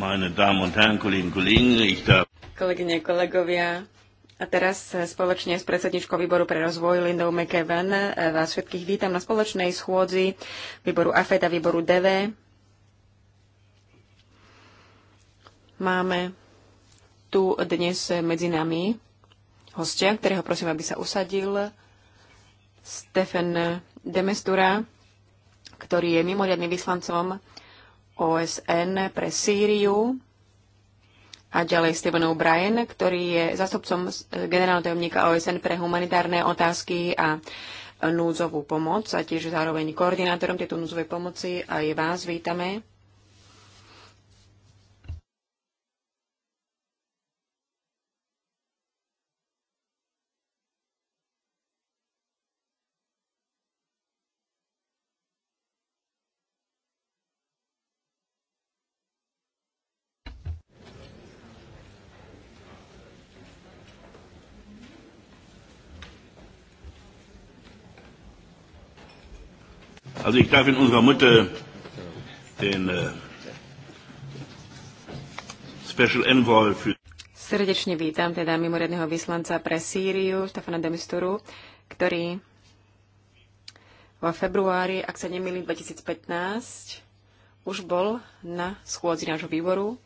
Meine Damen und Herren, Kolleginnen, Kollegen, ich darf... Kolegyne, kolegovia, a teraz eh, spoločne s predsedničkou výboru pre rozvoj Lindou McEwen eh, vás všetkých vítam na spoločnej schôdzi výboru AFED a výboru DV. Máme tu dnes medzi nami hostia, ktorého prosím, aby sa usadil, Stefan Demestura, ktorý je mimoriadným vyslancom OSN pre Sýriu a ďalej Steven O'Brien, ktorý je zastupcom generálneho tajomníka OSN pre humanitárne otázky a núdzovú pomoc a tiež zároveň koordinátorom tejto núdzovej pomoci. Aj vás vítame. Also ich darf in unserer Mitte den äh, Special Envoy für Srdečne vítam teda mimoriadneho vyslanca pre Sýriu, Štefana Demisturu, ktorý vo februári, ak sa nemýlim, 2015 už bol na schôdzi nášho výboru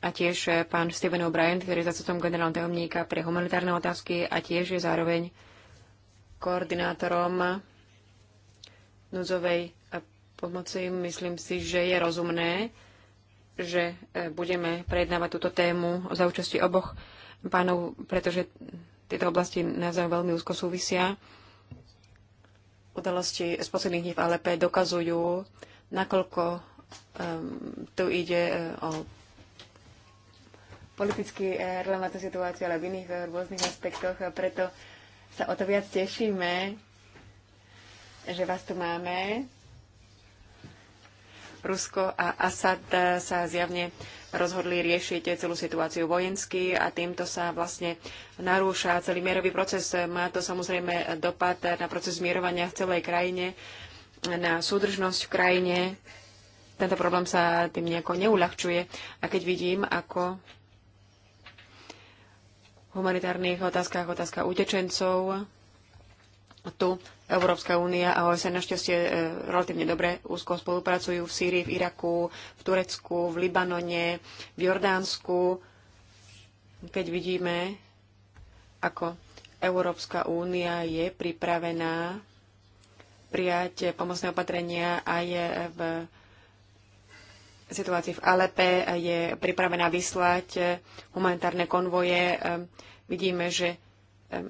a tiež eh, pán Steven O'Brien, ktorý je zastupcom generálneho tajomníka pre humanitárne otázky a tiež je zároveň koordinátorom núdzovej eh, pomoci, myslím si, že je rozumné, že eh, budeme prejednávať túto tému za účasti oboch pánov, pretože tieto oblasti naozaj veľmi úzko súvisia. Udalosti z posledných dní v Alepe dokazujú, nakoľko um, tu ide eh, o politicky relevantnú situáciu, ale v iných rôznych aspektoch, a preto sa o to viac tešíme, že vás tu máme. Rusko a Asad sa zjavne rozhodli riešiť celú situáciu vojensky a týmto sa vlastne narúša celý mierový proces. Má to samozrejme dopad na proces zmierovania v celej krajine, na súdržnosť v krajine. Tento problém sa tým nejako neulahčuje. A keď vidím, ako v humanitárnych otázkach, otázka utečencov, tu Európska únia a OSN našťastie e, relatívne dobre úzko spolupracujú v Sýrii, v Iraku, v Turecku, v Libanone, v Jordánsku. Keď vidíme, ako Európska únia je pripravená prijať pomocné opatrenia aj v situácii v Alepe, je pripravená vyslať humanitárne konvoje. Ehm, vidíme, že ehm,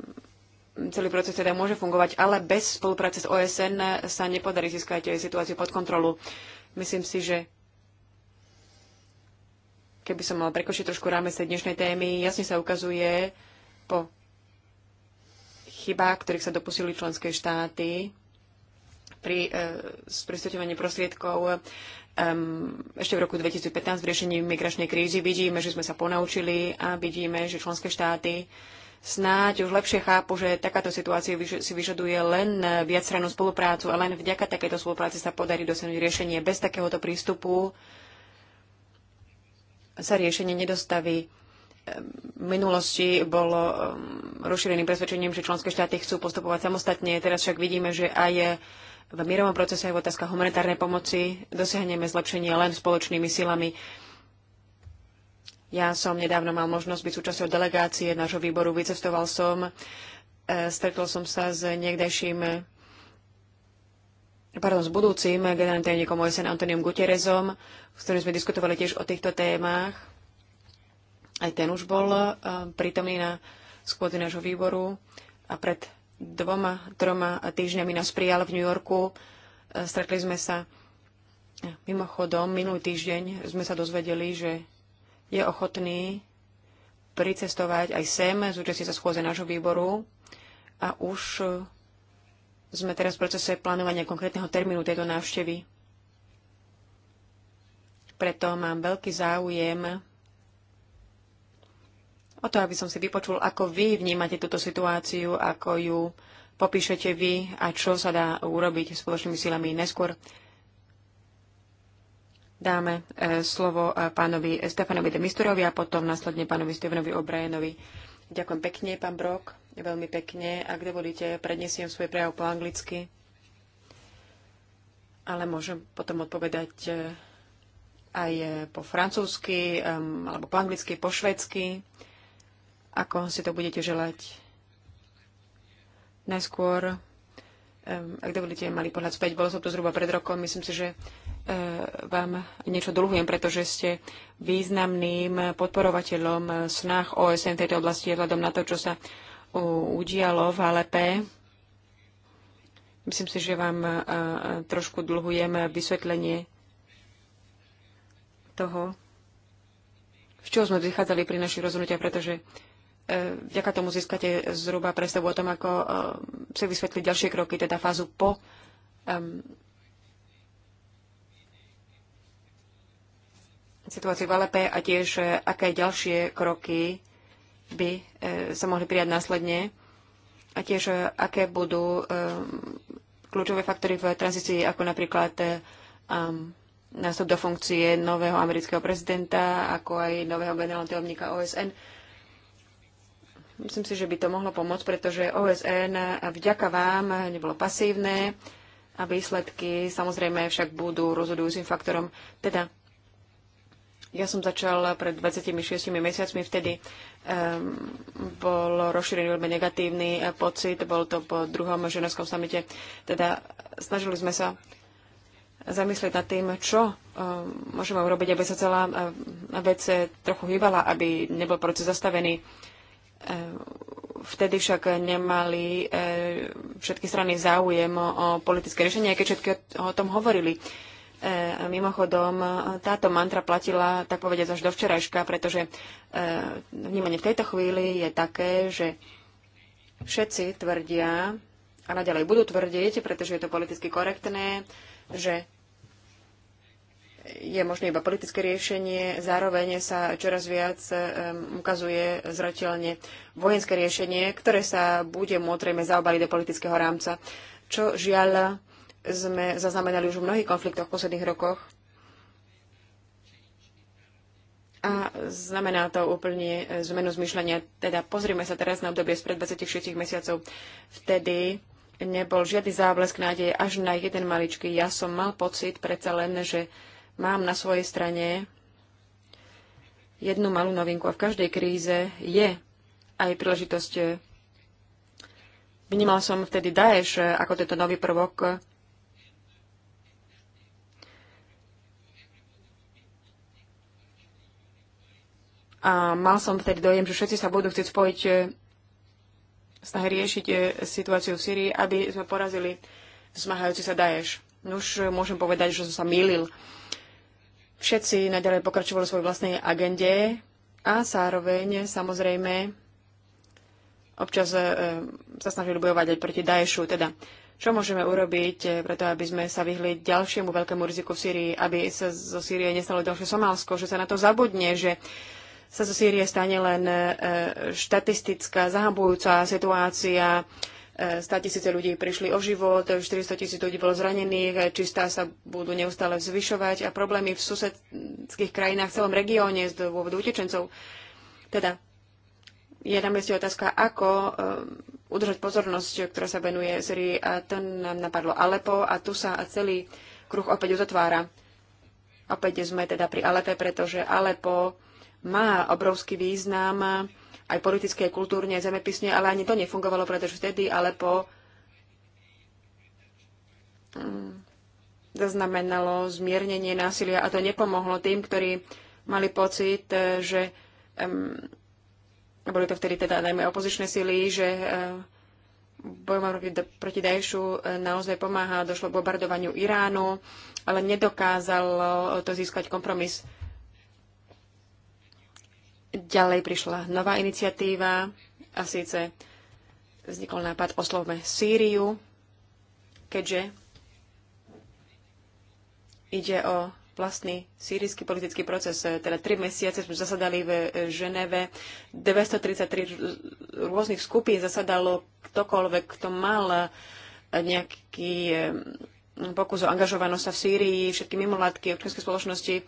celý proces teda môže fungovať, ale bez spolupráce s OSN sa nepodarí získať eh, situáciu pod kontrolu. Myslím si, že keby som mal prekočiť trošku rámec tej dnešnej témy, jasne sa ukazuje po chybách, ktorých sa dopustili členské štáty pri e, eh, sprístupňovaní prostriedkov um, ešte v roku 2015 v riešení migračnej krízy. Vidíme, že sme sa ponaučili a vidíme, že členské štáty snáď už lepšie chápu, že takáto situácia si vyžaduje len viacstrannú spoluprácu a len vďaka takejto spolupráci sa podarí dosiahnuť riešenie. Bez takéhoto prístupu sa riešenie nedostaví. V minulosti bolo um, rozšíreným presvedčením, že členské štáty chcú postupovať samostatne. Teraz však vidíme, že aj v mierovom procese aj v otázkach humanitárnej pomoci dosiahneme zlepšenie len spoločnými silami. Ja som nedávno mal možnosť byť súčasťou delegácie nášho výboru, vycestoval som, e, stretol som sa s niekdejším pardon, s budúcim generálnym tajomníkom OSN Antoniom Guterezom, s ktorým sme diskutovali tiež o týchto témach. Aj ten už bol e, prítomný na skôdzi nášho výboru a pred dvoma, troma týždňami nás prijal v New Yorku. E, stretli sme sa mimochodom, minulý týždeň sme sa dozvedeli, že je ochotný pricestovať aj sem, zúčastí sa schôze nášho výboru a už sme teraz v procese plánovania konkrétneho termínu tejto návštevy. Preto mám veľký záujem o to, aby som si vypočul, ako vy vnímate túto situáciu, ako ju popíšete vy a čo sa dá urobiť spoločnými silami neskôr dáme e, slovo e, pánovi Stefanovi de Misturovi a potom následne pánovi Stevenovi O'Brienovi. Ďakujem pekne, pán Brok, veľmi pekne. Ak dovolíte, prednesiem svoj prejav po anglicky, ale môžem potom odpovedať e, aj po francúzsky, alebo po anglicky, po švedsky, ako si to budete želať. Najskôr ak dovolíte, malý pohľad späť. bolo som to zhruba pred rokom. Myslím si, že eh, vám niečo dlhujem, pretože ste významným podporovateľom snah OSN v tejto oblasti vzhľadom na to, čo sa udialo v Alepe. Myslím si, že vám eh, trošku dlhujem vysvetlenie toho, z čoho sme vychádzali pri našich rozhodnutiach, pretože E, vďaka tomu získate zhruba predstavu o tom, ako e, si vysvetliť ďalšie kroky, teda fázu po um, situácii v Alepe a tiež e, aké ďalšie kroky by sa mohli prijať následne a tiež aké budú kľúčové faktory v tranzícii, ako napríklad um, nástup do funkcie nového amerického prezidenta, ako aj nového generálneho tajomníka OSN Myslím si, že by to mohlo pomôcť, pretože OSN vďaka vám nebolo pasívne a výsledky samozrejme však budú rozhodujúcim faktorom. Teda ja som začal pred 26 mesiacmi, vtedy um, bol rozšírený veľmi negatívny eh, pocit, bol to po druhom ženovskom samite. Teda snažili sme sa zamyslieť nad tým, čo um, môžeme urobiť, aby sa celá eh, vec eh, trochu hýbala, aby nebol proces zastavený. Uh, E, vtedy však nemali e, všetky strany záujem o politické riešenie, keď všetky o tom hovorili. E, mimochodom, táto mantra platila, tak povediať, až do včerajška, pretože vnímanie v tejto chvíli je také, že všetci tvrdia, a naďalej budú tvrdiť, pretože je to politicky korektné, že je možné iba politické riešenie, zároveň sa čoraz viac ukazuje zretelne vojenské riešenie, ktoré sa bude môcť zaobaliť do politického rámca, čo žiaľ sme zaznamenali už v mnohých konfliktoch v posledných rokoch. A znamená to úplne eh, zmenu zmyšľania. Teda pozrime sa teraz na obdobie spred 26 mesiacov. Vtedy nebol žiadny záblesk nádeje, až na jeden maličký. Ja som mal pocit predsa len, že Mám na svojej strane jednu malú novinku a v každej kríze je aj príležitosť. Vnímal som vtedy Daesh ako tento nový prvok. A mal som vtedy dojem, že všetci sa budú chcieť spojiť snahy riešiť situáciu v Syrii, aby sme porazili zmahajúci sa Daesh. Už môžem povedať, že som sa mýlil. Všetci naďalej pokračovali svoj vlastnej agende a zároveň samozrejme občas e, sa snažili bojovať aj proti Daešu. Teda, čo môžeme urobiť e, preto, aby sme sa vyhli ďalšiemu veľkému riziku v Sýrii, aby sa zo Sýrie nestalo ďalšie Somálsko, že sa na to zabudne, že sa zo Sýrie stane len e, štatistická, zahambujúca situácia, 100 tisíce ľudí prišli o život, 400 tisíc ľudí bolo zranených, čistá sa budú neustále zvyšovať a problémy v susedských krajinách v celom regióne z dôvodu utečencov. Teda je na mieste otázka, ako eh, udržať pozornosť, ktorá sa venuje Syrii a to nám napadlo Alepo a tu sa celý kruh opäť uzatvára. Opäť sme teda pri Alepe, pretože Alepo má obrovský význam aj politické, aj kultúrne, aj zemepisne, ale ani to nefungovalo, pretože vtedy ale po mm, zaznamenalo zmiernenie násilia a to nepomohlo tým, ktorí mali pocit, eh, že um, boli to vtedy teda najmä opozičné sily, že eh, bojom proti Daešu eh, naozaj pomáha, došlo k bombardovaniu Iránu, ale nedokázalo to získať kompromis Ďalej prišla nová iniciatíva a síce vznikol nápad slove Sýriu, keďže ide o vlastný sírisky politický proces. Teda tri mesiace sme zasadali v Ženeve. 233 rôznych skupín zasadalo ktokoľvek, kto mal nejaký pokus o angažovanosť v Sýrii, všetky mimoládky, občianske spoločnosti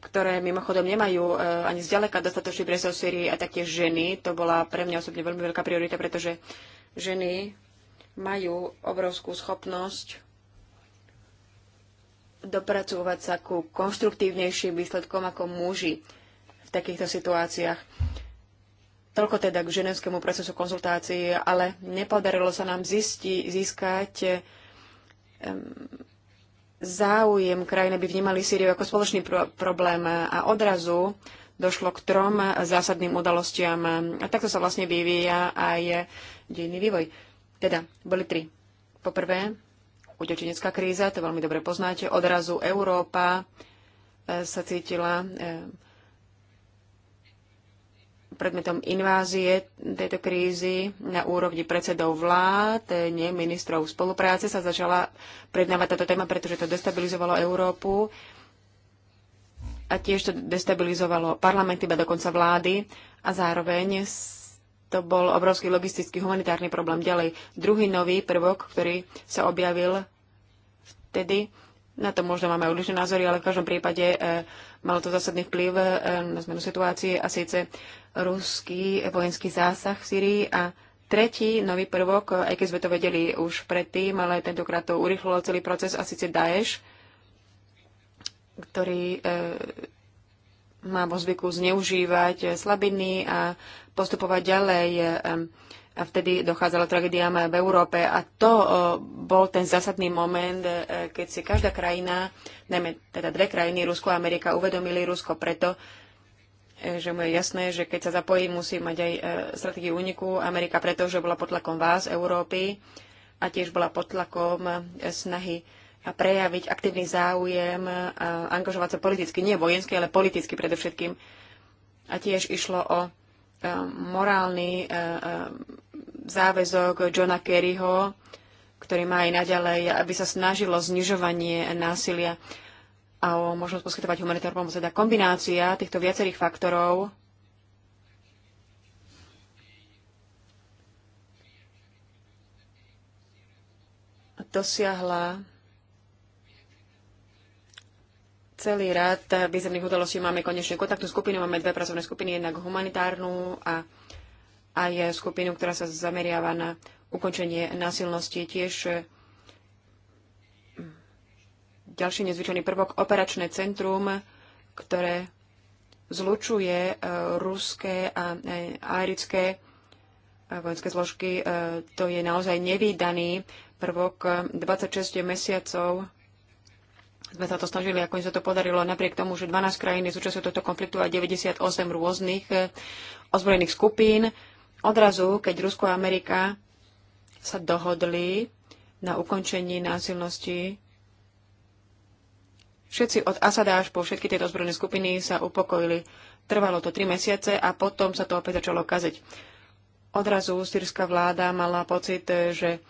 ktoré mimochodom nemajú e, ani zďaleka dostatočný priestor v Syrii a taktiež ženy. To bola pre mňa osobne veľmi veľká priorita, pretože ženy majú obrovskú schopnosť dopracovať sa ku konštruktívnejším výsledkom ako muži v takýchto situáciách. Toľko teda k ženevskému procesu konzultácií, ale nepodarilo sa nám zisti, získať um, záujem krajiny, aby vnímali Sýriu ako spoločný pro- problém a odrazu došlo k trom zásadným udalostiam. A takto sa vlastne vyvíja aj dejný vývoj. Teda, boli tri. Poprvé, utečenecká kríza, to veľmi dobre poznáte, odrazu Európa eh, sa cítila eh, predmetom invázie tejto krízy na úrovni predsedov vlád, nie ministrov spolupráce, sa začala prednávať táto téma, pretože to destabilizovalo Európu a tiež to destabilizovalo parlament, iba dokonca vlády a zároveň to bol obrovský logistický humanitárny problém. Ďalej, druhý nový prvok, ktorý sa objavil vtedy, na to možno máme odlišné názory, ale v každom prípade eh, Malo to zásadný vplyv eh, na zmenu situácie a síce ruský vojenský zásah v Syrii a tretí nový prvok, eh, aj keď sme to vedeli už predtým, ale tentokrát to urychlilo celý proces a síce Daesh, ktorý eh, má vo zvyku zneužívať slabiny a postupovať ďalej a vtedy dochádzalo tragédiám v Európe a to e, bol ten zásadný moment, e, keď si každá krajina, najmä teda dve krajiny, Rusko a Amerika, uvedomili Rusko preto, e, že mu je jasné, že keď sa zapojí, musí mať aj stratégiu úniku. Amerika preto, že bola pod tlakom vás, Európy, a tiež bola pod tlakom snahy a prejaviť aktívny záujem, a angažovať sa politicky, nie vojensky, ale politicky predovšetkým. A tiež išlo o morálny e, e, záväzok Johna Kerryho, ktorý má aj naďalej, aby sa snažilo znižovanie násilia a o možnosť poskytovať humanitárnu pomoc. Teda kombinácia týchto viacerých faktorov dosiahla celý rad významných udalostí máme konečne kontaktnú skupinu. Máme dve pracovné skupiny, jednak humanitárnu a aj skupinu, ktorá sa zameriava na ukončenie násilnosti. Tiež hm, ďalší nezvyčajný prvok, operačné centrum, ktoré zlučuje e, ruské a e, aerické e, vojenské zložky. To je naozaj nevýdaný prvok 26 mesiacov sme sa to snažili, ako sa to podarilo, napriek tomu, že 12 krajín je súčasťou tohto konfliktu a 98 rôznych eh, ozbrojených skupín. Odrazu, keď Rusko a Amerika sa dohodli na ukončení násilnosti, všetci od Asada až po všetky tieto ozbrojené skupiny sa upokojili. Trvalo to 3 mesiace a potom sa to opäť začalo kazeť. Odrazu sírska vláda mala pocit, eh, že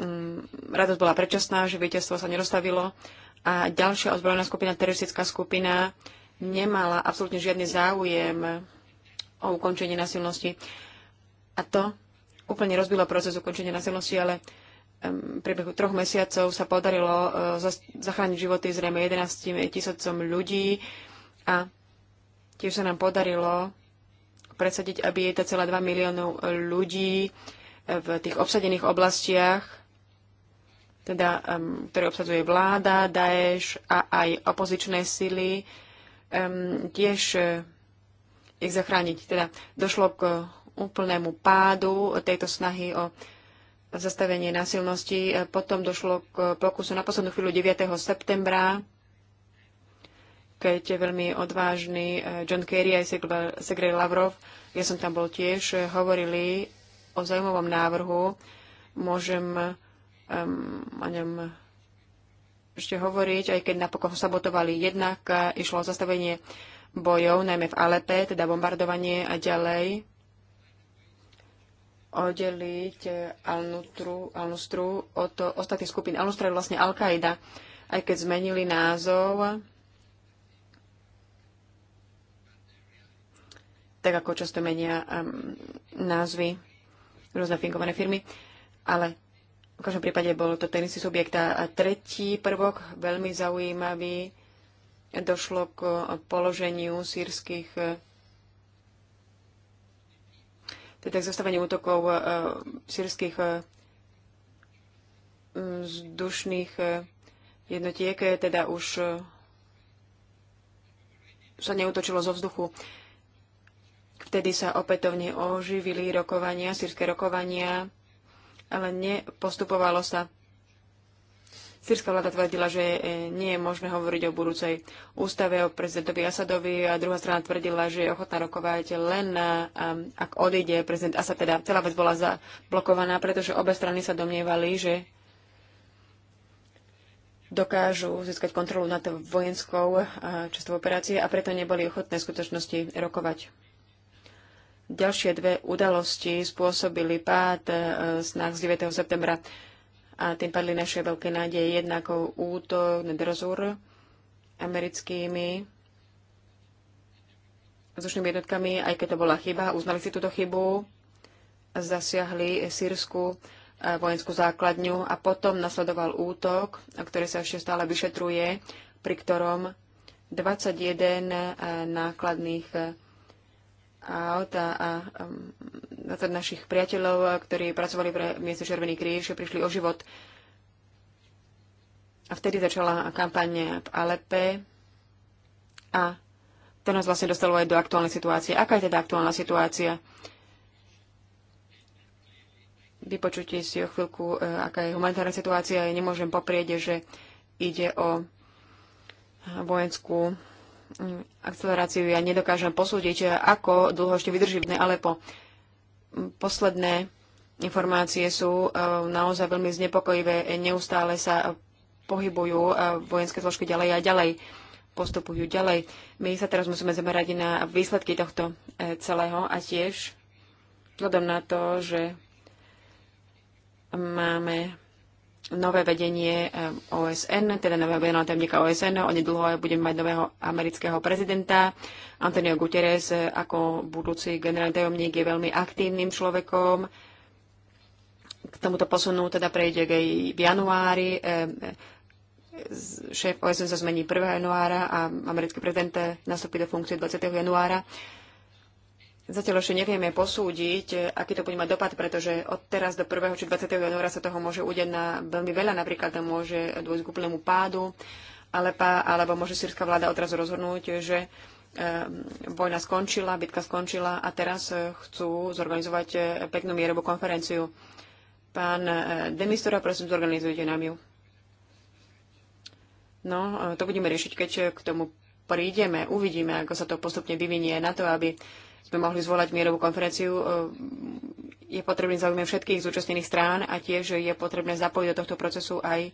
mm, radosť bola predčasná, že víťazstvo sa nedostavilo a ďalšia ozbrojená skupina, teroristická skupina, nemala absolútne žiadny záujem o ukončenie násilnosti. A to úplne rozbilo proces ukončenia násilnosti, ale v priebehu troch mesiacov sa podarilo e, zachrániť životy zrejme 11 tisícom ľudí a tiež sa nám podarilo presadiť, aby je 1,2 miliónov ľudí v tých obsadených oblastiach teda, um, ktorý obsadzuje vláda, Daesh a aj opozičné sily, um, tiež uh, ich zachrániť. Teda došlo k úplnému pádu tejto snahy o zastavenie násilnosti. E, potom došlo k pokusu na poslednú chvíľu 9. septembra, keď je veľmi odvážny e, John Kerry aj Segrej Lavrov, ja som tam bol tiež, hovorili o zaujímavom návrhu. Môžem um, o ňom ešte hovoriť, aj keď napokon sabotovali jednak, eh, išlo o zastavenie bojov, najmä v Alepe, teda bombardovanie a ďalej oddeliť eh, Al-Nustru Al od ostatných skupín. Al-Nustra je vlastne Al-Qaida, aj keď zmenili názov, tak ako často menia um, názvy rôzne fingované firmy. Ale v každom prípade bol to ten istý subjekt. A tretí prvok, veľmi zaujímavý, došlo k položeniu sírskych e, teda k zastaveniu útokov e, sírskych e, vzdušných jednotiek, teda už sa neutočilo zo vzduchu. Vtedy sa opätovne oživili rokovania, sírske rokovania ale nepostupovalo sa. Sýrska vláda tvrdila, že e, nie je možné hovoriť o budúcej ústave, o prezidentovi Asadovi a druhá strana tvrdila, že je ochotná rokovať len e, ak odíde prezident Asad. Teda celá vec bola zablokovaná, pretože obe strany sa domnievali, že dokážu získať kontrolu nad vojenskou e, časťou operácie a preto neboli ochotné v skutočnosti rokovať. Ďalšie dve udalosti spôsobili pád e, snah z 9. septembra a tým padli naše veľké nádeje jednako útok na Drozur americkými vzdušnými jednotkami, aj keď to bola chyba, uznali si túto chybu, zasiahli sírsku e, vojenskú základňu a potom nasledoval útok, ktorý sa ešte stále vyšetruje, pri ktorom 21 e, nákladných aut a, a, um, a našich priateľov, ktorí pracovali pre miesto Červený kríž, prišli o život. A vtedy začala kampaň v Alepe a to nás vlastne dostalo aj do aktuálnej situácie. Aká je teda aktuálna situácia? Vypočujte si o chvíľku, e, aká je humanitárna situácia. Ja nemôžem poprieť, že ide o vojenskú Mm, akceleráciu. Ja nedokážem posúdiť, ako dlho ešte vydrží ale Alepo. posledné informácie sú e, naozaj veľmi znepokojivé. Neustále sa pohybujú e, vojenské zložky ďalej a ďalej postupujú ďalej. My sa teraz musíme zamerať na výsledky tohto e, celého a tiež vzhľadom na to, že máme nové vedenie eh, OSN, teda nového generálneho tajomníka OSN. Onedlho budeme mať nového amerického prezidenta. Antonio Guterres eh, ako budúci generálny tajomník je veľmi aktívnym človekom. K tomuto posunu teda prejde v januári. Eh, šéf OSN sa zmení 1. januára a americký prezident nastúpi do funkcie 20. januára. Zatiaľ ešte nevieme posúdiť, aký to bude mať dopad, pretože od teraz do 1. či 20. januára sa toho môže udeť na veľmi veľa, napríklad tam môže dôjsť k úplnému pádu Alepa, alebo môže sírska vláda odrazu rozhodnúť, že ehm, vojna skončila, bitka skončila a teraz eh, chcú zorganizovať eh, peknú mierovú konferenciu. Pán eh, Demistora, prosím, zorganizujte nám ju. No, to budeme riešiť, keď k tomu prídeme, uvidíme, ako sa to postupne vyvinie na to, aby sme mohli zvolať mierovú konferenciu. E, je potrebný zaujímavý všetkých zúčastnených strán a tiež je potrebné zapojiť do tohto procesu aj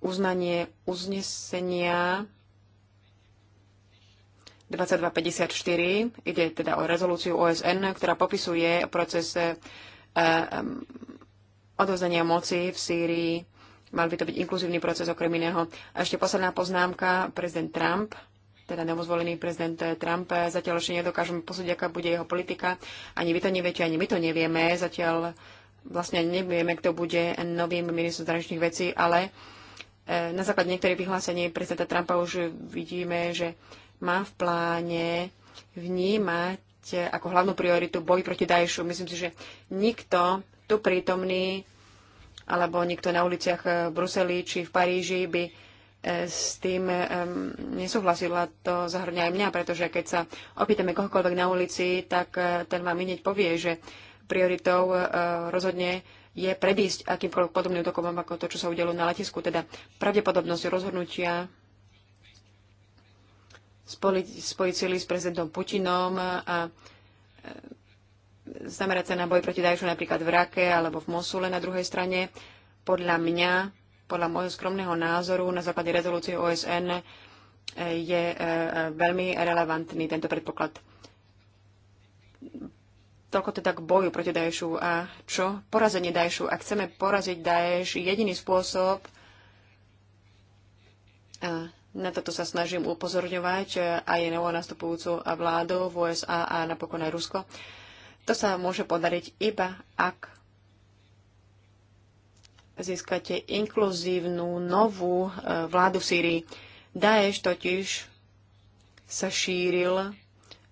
uznanie uznesenia 2254. Ide teda o rezolúciu OSN, ktorá popisuje proces e, e, odovzdania moci v Sýrii Mal by to byť inkluzívny proces okrem iného. A ešte posledná poznámka. Prezident Trump, teda novozvolený prezident Trump, zatiaľ ešte nedokážeme posúdiť, aká bude jeho politika. Ani vy to neviete, ani my to nevieme. Zatiaľ vlastne nevieme, kto bude novým ministrom zahraničných vecí, ale e, na základe niektorých vyhlásení prezidenta Trumpa už vidíme, že má v pláne vnímať ako hlavnú prioritu boj proti Daešu. Myslím si, že nikto tu prítomný alebo niekto na uliciach eh, v Bruseli či v Paríži by eh, s tým um, eh, nesúhlasila, to zahrňa aj mňa, pretože keď sa opýtame kohokoľvek na ulici, tak uh, ten vám hneď povie, že prioritou uh, rozhodne je predísť akýmkoľvek podobným dokovom ako to, čo sa udelo na letisku. Teda pravdepodobnosť rozhodnutia spojiť, s prezidentom Putinom a, a zamerať sa na boj proti Dajšu napríklad v Rake alebo v Mosule na druhej strane. Podľa mňa, podľa môjho skromného názoru na základe rezolúcie OSN e, je e, veľmi relevantný tento predpoklad. Toľko teda k boju proti Daešu. A čo? Porazenie Daešu. Ak chceme poraziť Daeš, jediný spôsob, a e, na toto sa snažím upozorňovať aj novonastupujúcu vládu v USA a napokon aj Rusko, to sa vám môže podariť iba, ak získate inkluzívnu novú e, vládu v Sýrii. Daesh totiž sa šíril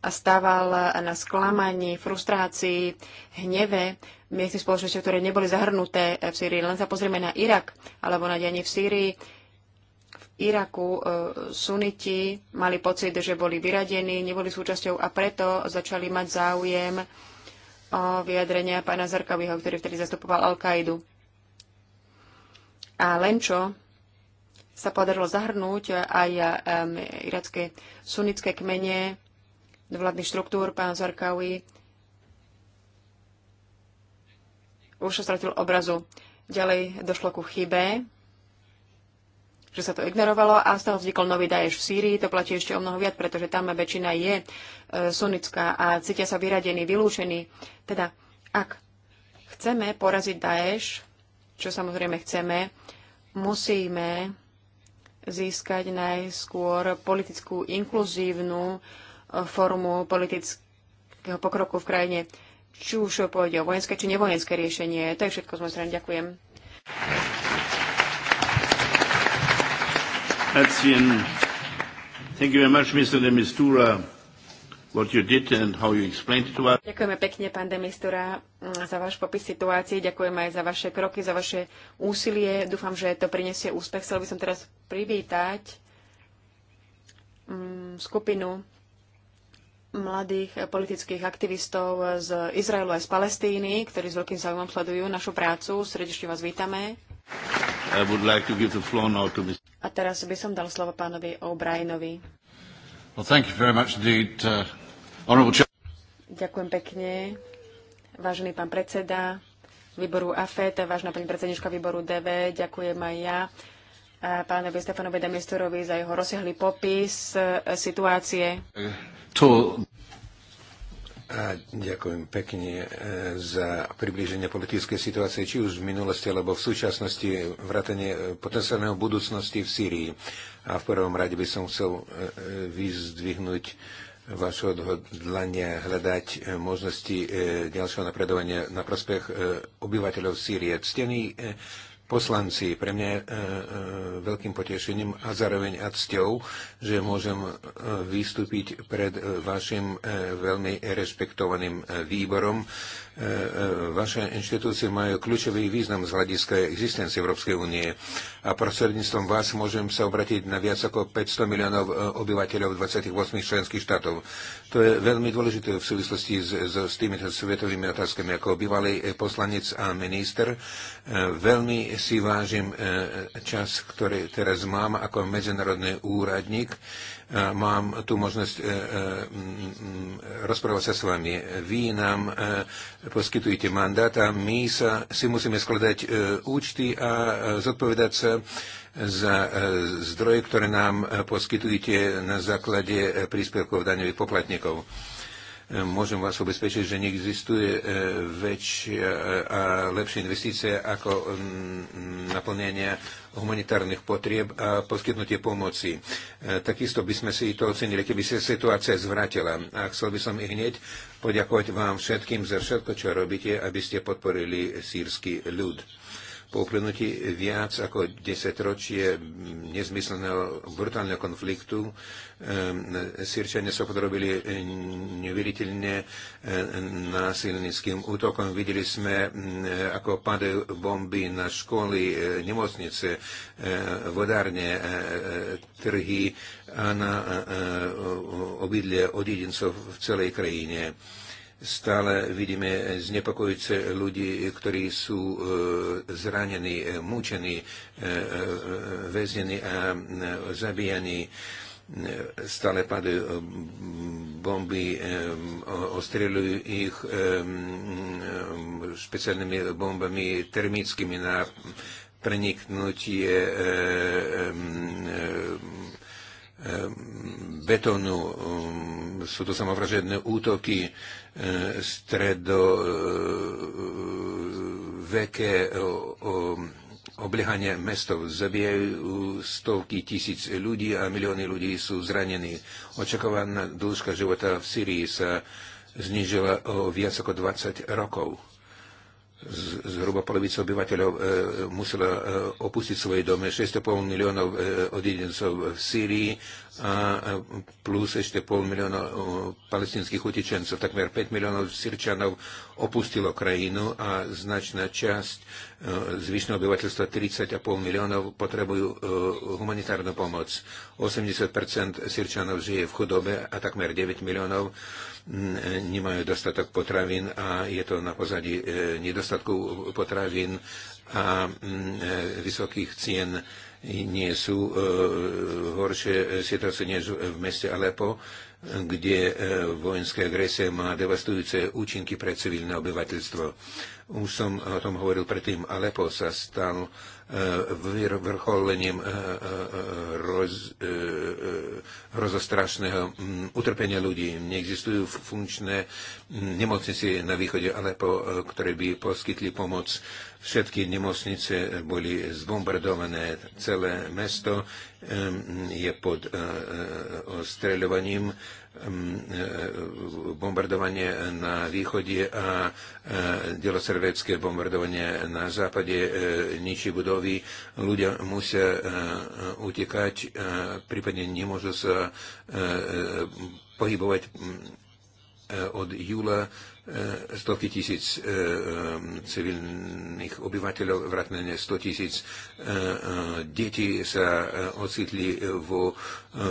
a stával na sklamaní, frustrácii, hneve miestnych spoločnosti, ktoré neboli zahrnuté v Sýrii. Len sa pozrieme na Irak alebo na dianie v Sýrii. V Iraku e, suniti mali pocit, že boli vyradení, neboli súčasťou a preto začali mať záujem o vyjadrenia pána Zarkavyho, ktorý vtedy zastupoval Al-Kaidu. A len čo sa podarilo zahrnúť aj um, iracké sunnické kmene do vládnych štruktúr, pán Zarkawi už sa stratil obrazu. Ďalej došlo ku chybe, že sa to ignorovalo a z toho vznikol nový Daesh v Sýrii. To platí ešte o mnoho viac, pretože tam väčšina je e, sunnická a cítia sa vyradení, vylúčení. Teda, ak chceme poraziť Daesh, čo samozrejme chceme, musíme získať najskôr politickú inkluzívnu e, formu politického pokroku v krajine, či už pôjde o vojenské či nevojenské riešenie. To je všetko z mojej strany. Ďakujem. Thank you very much, Mr. De Mistura, what you did and how you explained to us. Ďakujeme pekne, pán De Mistura, mm, za váš popis situácie. Ďakujeme aj za vaše kroky, za vaše úsilie. Dúfam, že to prinesie úspech. Chcel by som teraz privítať mm, skupinu mladých politických aktivistov z Izraelu a z Palestíny, ktorí s veľkým záujmom sledujú našu prácu. Srdečne vás vítame. A teraz by som dal slovo pánovi O'Brienovi. Uh, ďakujem pekne. Vážený pán predseda výboru AFET, vážna pani predsednička výboru DV, ďakujem aj ja pánovi Stefanovi Demisterovi za jeho rozsiahlý popis e, situácie. To... A ďakujem pekne e, za priblíženie politickej situácie, či už v minulosti, alebo v súčasnosti, vrátanie e, potenciálneho budúcnosti v Syrii. A v prvom rade by som chcel e, vyzdvihnúť vaše odhodlanie hľadať možnosti ďalšieho napredovania na prospech obyvateľov Sýrie. Ctený poslanci. Pre mňa je e, e, veľkým potešením a zároveň a cťou, že môžem e, vystúpiť pred e, vašim e, veľmi rešpektovaným výborom, E, e, vaše inštitúcie majú kľúčový význam z hľadiska existencie Európskej únie a prostredníctvom vás môžem sa obratiť na viac ako 500 miliónov e, obyvateľov 28 členských štátov. To je veľmi dôležité v súvislosti s, s týmito svetovými otázkami. Ako bývalý poslanec a minister veľmi si vážim čas, ktorý teraz mám ako medzinárodný úradník mám tu možnosť rozprávať sa s vami. Vy nám poskytujete mandát a my sa, si musíme skladať e, účty a e, zodpovedať sa za e, zdroje, ktoré nám e, poskytujete na základe e, príspevkov daňových poplatníkov. E, E, môžem vás ubezpečiť, že neexistuje e, väčšia e, a lepšia investícia ako mm, naplnenie humanitárnych potrieb a poskytnutie pomoci. Takisto by sme si to ocenili, keby sa situácia zvrátila. A chcel by som i hneď poďakovať vám všetkým za všetko, čo robíte, aby ste podporili sírsky ľud po uplynutí viac ako 10 ročie nezmyselného brutálneho konfliktu ehm, Sýrčania sa podrobili neveriteľne ehm, násilnickým útokom. Videli sme, ehm, ako padajú bomby na školy, e, nemocnice, e, vodárne, e, trhy a na obidlie od jedincov v celej krajine. Stále vidíme znepokojúce ľudí, ktorí sú e, zranení, e, mučení, e, väznení a zabíjani stále padajú bomby, ostreľujú ich špeciálnymi bombami termickými na preniknutie betónu. Sú to samovražedné útoky, E, stredoveké e, obliehanie mestov. Zabijajú stovky tisíc ľudí a milióny ľudí sú zranení. Očakovaná dĺžka života v Syrii sa znižila o viac ako 20 rokov. zhruba polovica obyvateľov e, musela opustiť svoje domy. 6,5 miliónov odidencov v Syrii a plus ešte pol milióna palestinských utečencov. Takmer 5 miliónov Sirčanov opustilo krajinu a značná časť zvyšného obyvateľstva 30,5 miliónov potrebujú humanitárnu pomoc. 80 Sirčanov žije v chudobe a takmer 9 miliónov nemajú dostatok potravín a je to na pozadí e, nedostatku potravín a e, vysokých cien nie sú e, horšie situácie než v meste Alepo, kde e, vojenská agresia má devastujúce účinky pre civilné obyvateľstvo. Už som o tom hovoril predtým. Alepo sa stal e, vrcholením eh, eh, eh, roz, rozostrašného hm, utrpenia ľudí. Neexistujú funkčné hm, nemocnice na východe Alepo, ktoré by poskytli pomoc. Všetky nemocnice boli zbombardované, celé mesto je pod e, e, ostreľovaním e, bombardovanie na východe a delosrvecké bombardovanie na západe ničí budovy. Ľudia musia utekať, prípadne nemôžu sa pohybovať Eh, od júla eh, stovky tisíc eh, civilných obyvateľov, vrátane 100 tisíc detí sa ocitli vo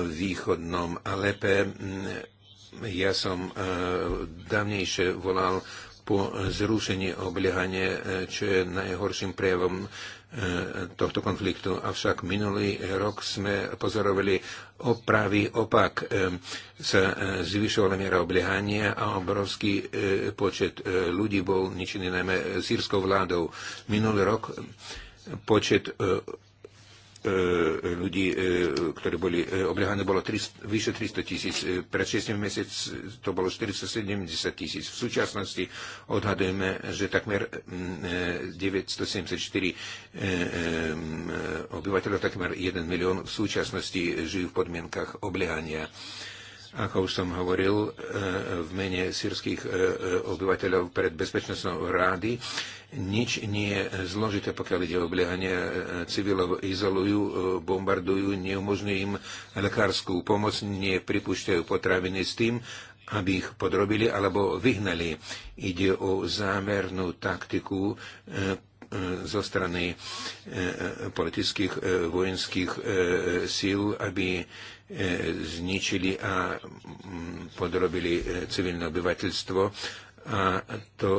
východnom Alepe. Mm, ja som dávnejšie volal po zrušení obliehania, čo je najhorším prejavom tohto konfliktu. Avšak minulý rok sme pozorovali opravy opak. E, sa e, zvyšovala miera obliehania a obrovský e, počet ľudí bol ničený najmä sírskou vládou. Minulý rok počet E, ľudí, e, ktorí boli e, obliehané, bolo 300, vyše 300 tisíc. Pred 6 mesiac to bolo 470 tisíc. V súčasnosti odhadujeme, že takmer 974 mm, obyvateľov, takmer 1 milión v súčasnosti žijú v podmienkach obliehania. Ako už som hovoril v mene sírských obyvateľov pred bezpečnostnou rády, nič nie je zložité, pokiaľ ide o obliehanie e, civilov. Izolujú, e, bombardujú, neumožňujú im lekárskú pomoc, nepripúšťajú potraviny s tým, aby ich podrobili alebo vyhnali. Ide o zámernú taktiku e, zo strany politických vojenských síl, aby zničili a podrobili civilné obyvateľstvo a to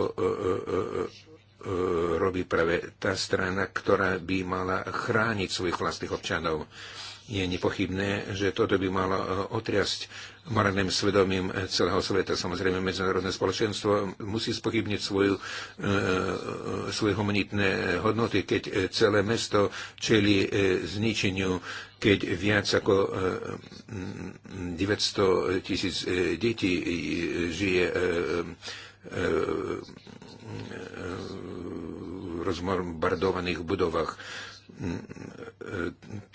E, robí práve tá strana, ktorá by mala chrániť svojich vlastných občanov. Je nepochybné, že toto by malo e, otriasť morálnym svedomím celého sveta. Samozrejme, medzinárodné spoločenstvo musí spochybniť svoju, e, svoje humanitné hodnoty, keď celé mesto čeli zničeniu, keď viac ako 900 tisíc detí žije rozbombardovaných budovách.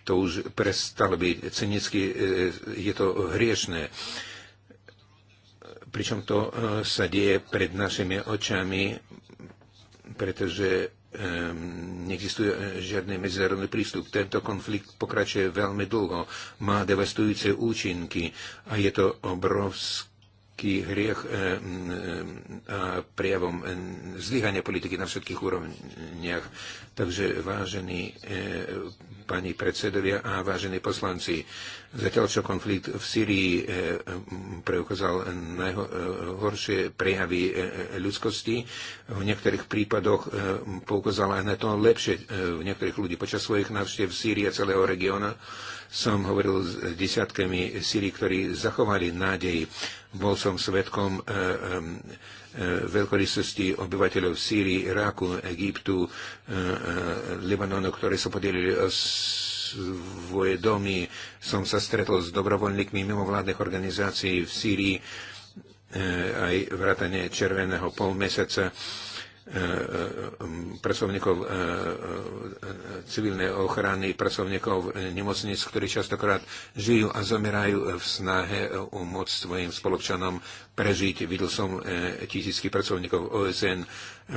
To už prestalo byť cynicky, je to hriešné. Pričom to eh, sa deje pred našimi očami, pretože eh, neexistuje žiadny medzinárodný prístup. Tento konflikt pokračuje veľmi dlho, má devastujúce účinky a je to obrovské veľký hriech eh, mm, eh, a prejavom eh, zlyhania politiky na všetkých úrovniach. Takže vážení pani predsedovia a vážení poslanci, zatiaľ čo konflikt v Syrii preukázal najhoršie prejavy ľudskosti, v niektorých prípadoch poukázal aj na to lepšie v niektorých ľudí počas svojich návštev v Sýrii a celého regióna som hovoril s desiatkami Syrii, ktorí zachovali nádej. Bol som svetkom eh, eh, eh, veľkorysosti obyvateľov Sýrii, Iraku, Egyptu, Libanonu, ktorí sa podelili o svoje domy. Som sa stretol s dobrovoľníkmi mimovládnych organizácií v Sýrii, aj vrátane Červeného polmeseca. meseca E, e, pracovníkov e, civilnej ochrany, pracovníkov nemocníc, ktorí častokrát žijú a zomierajú v snahe umôcť svojim spoločanom prežiť. Videl som tisícky pracovníkov OSN,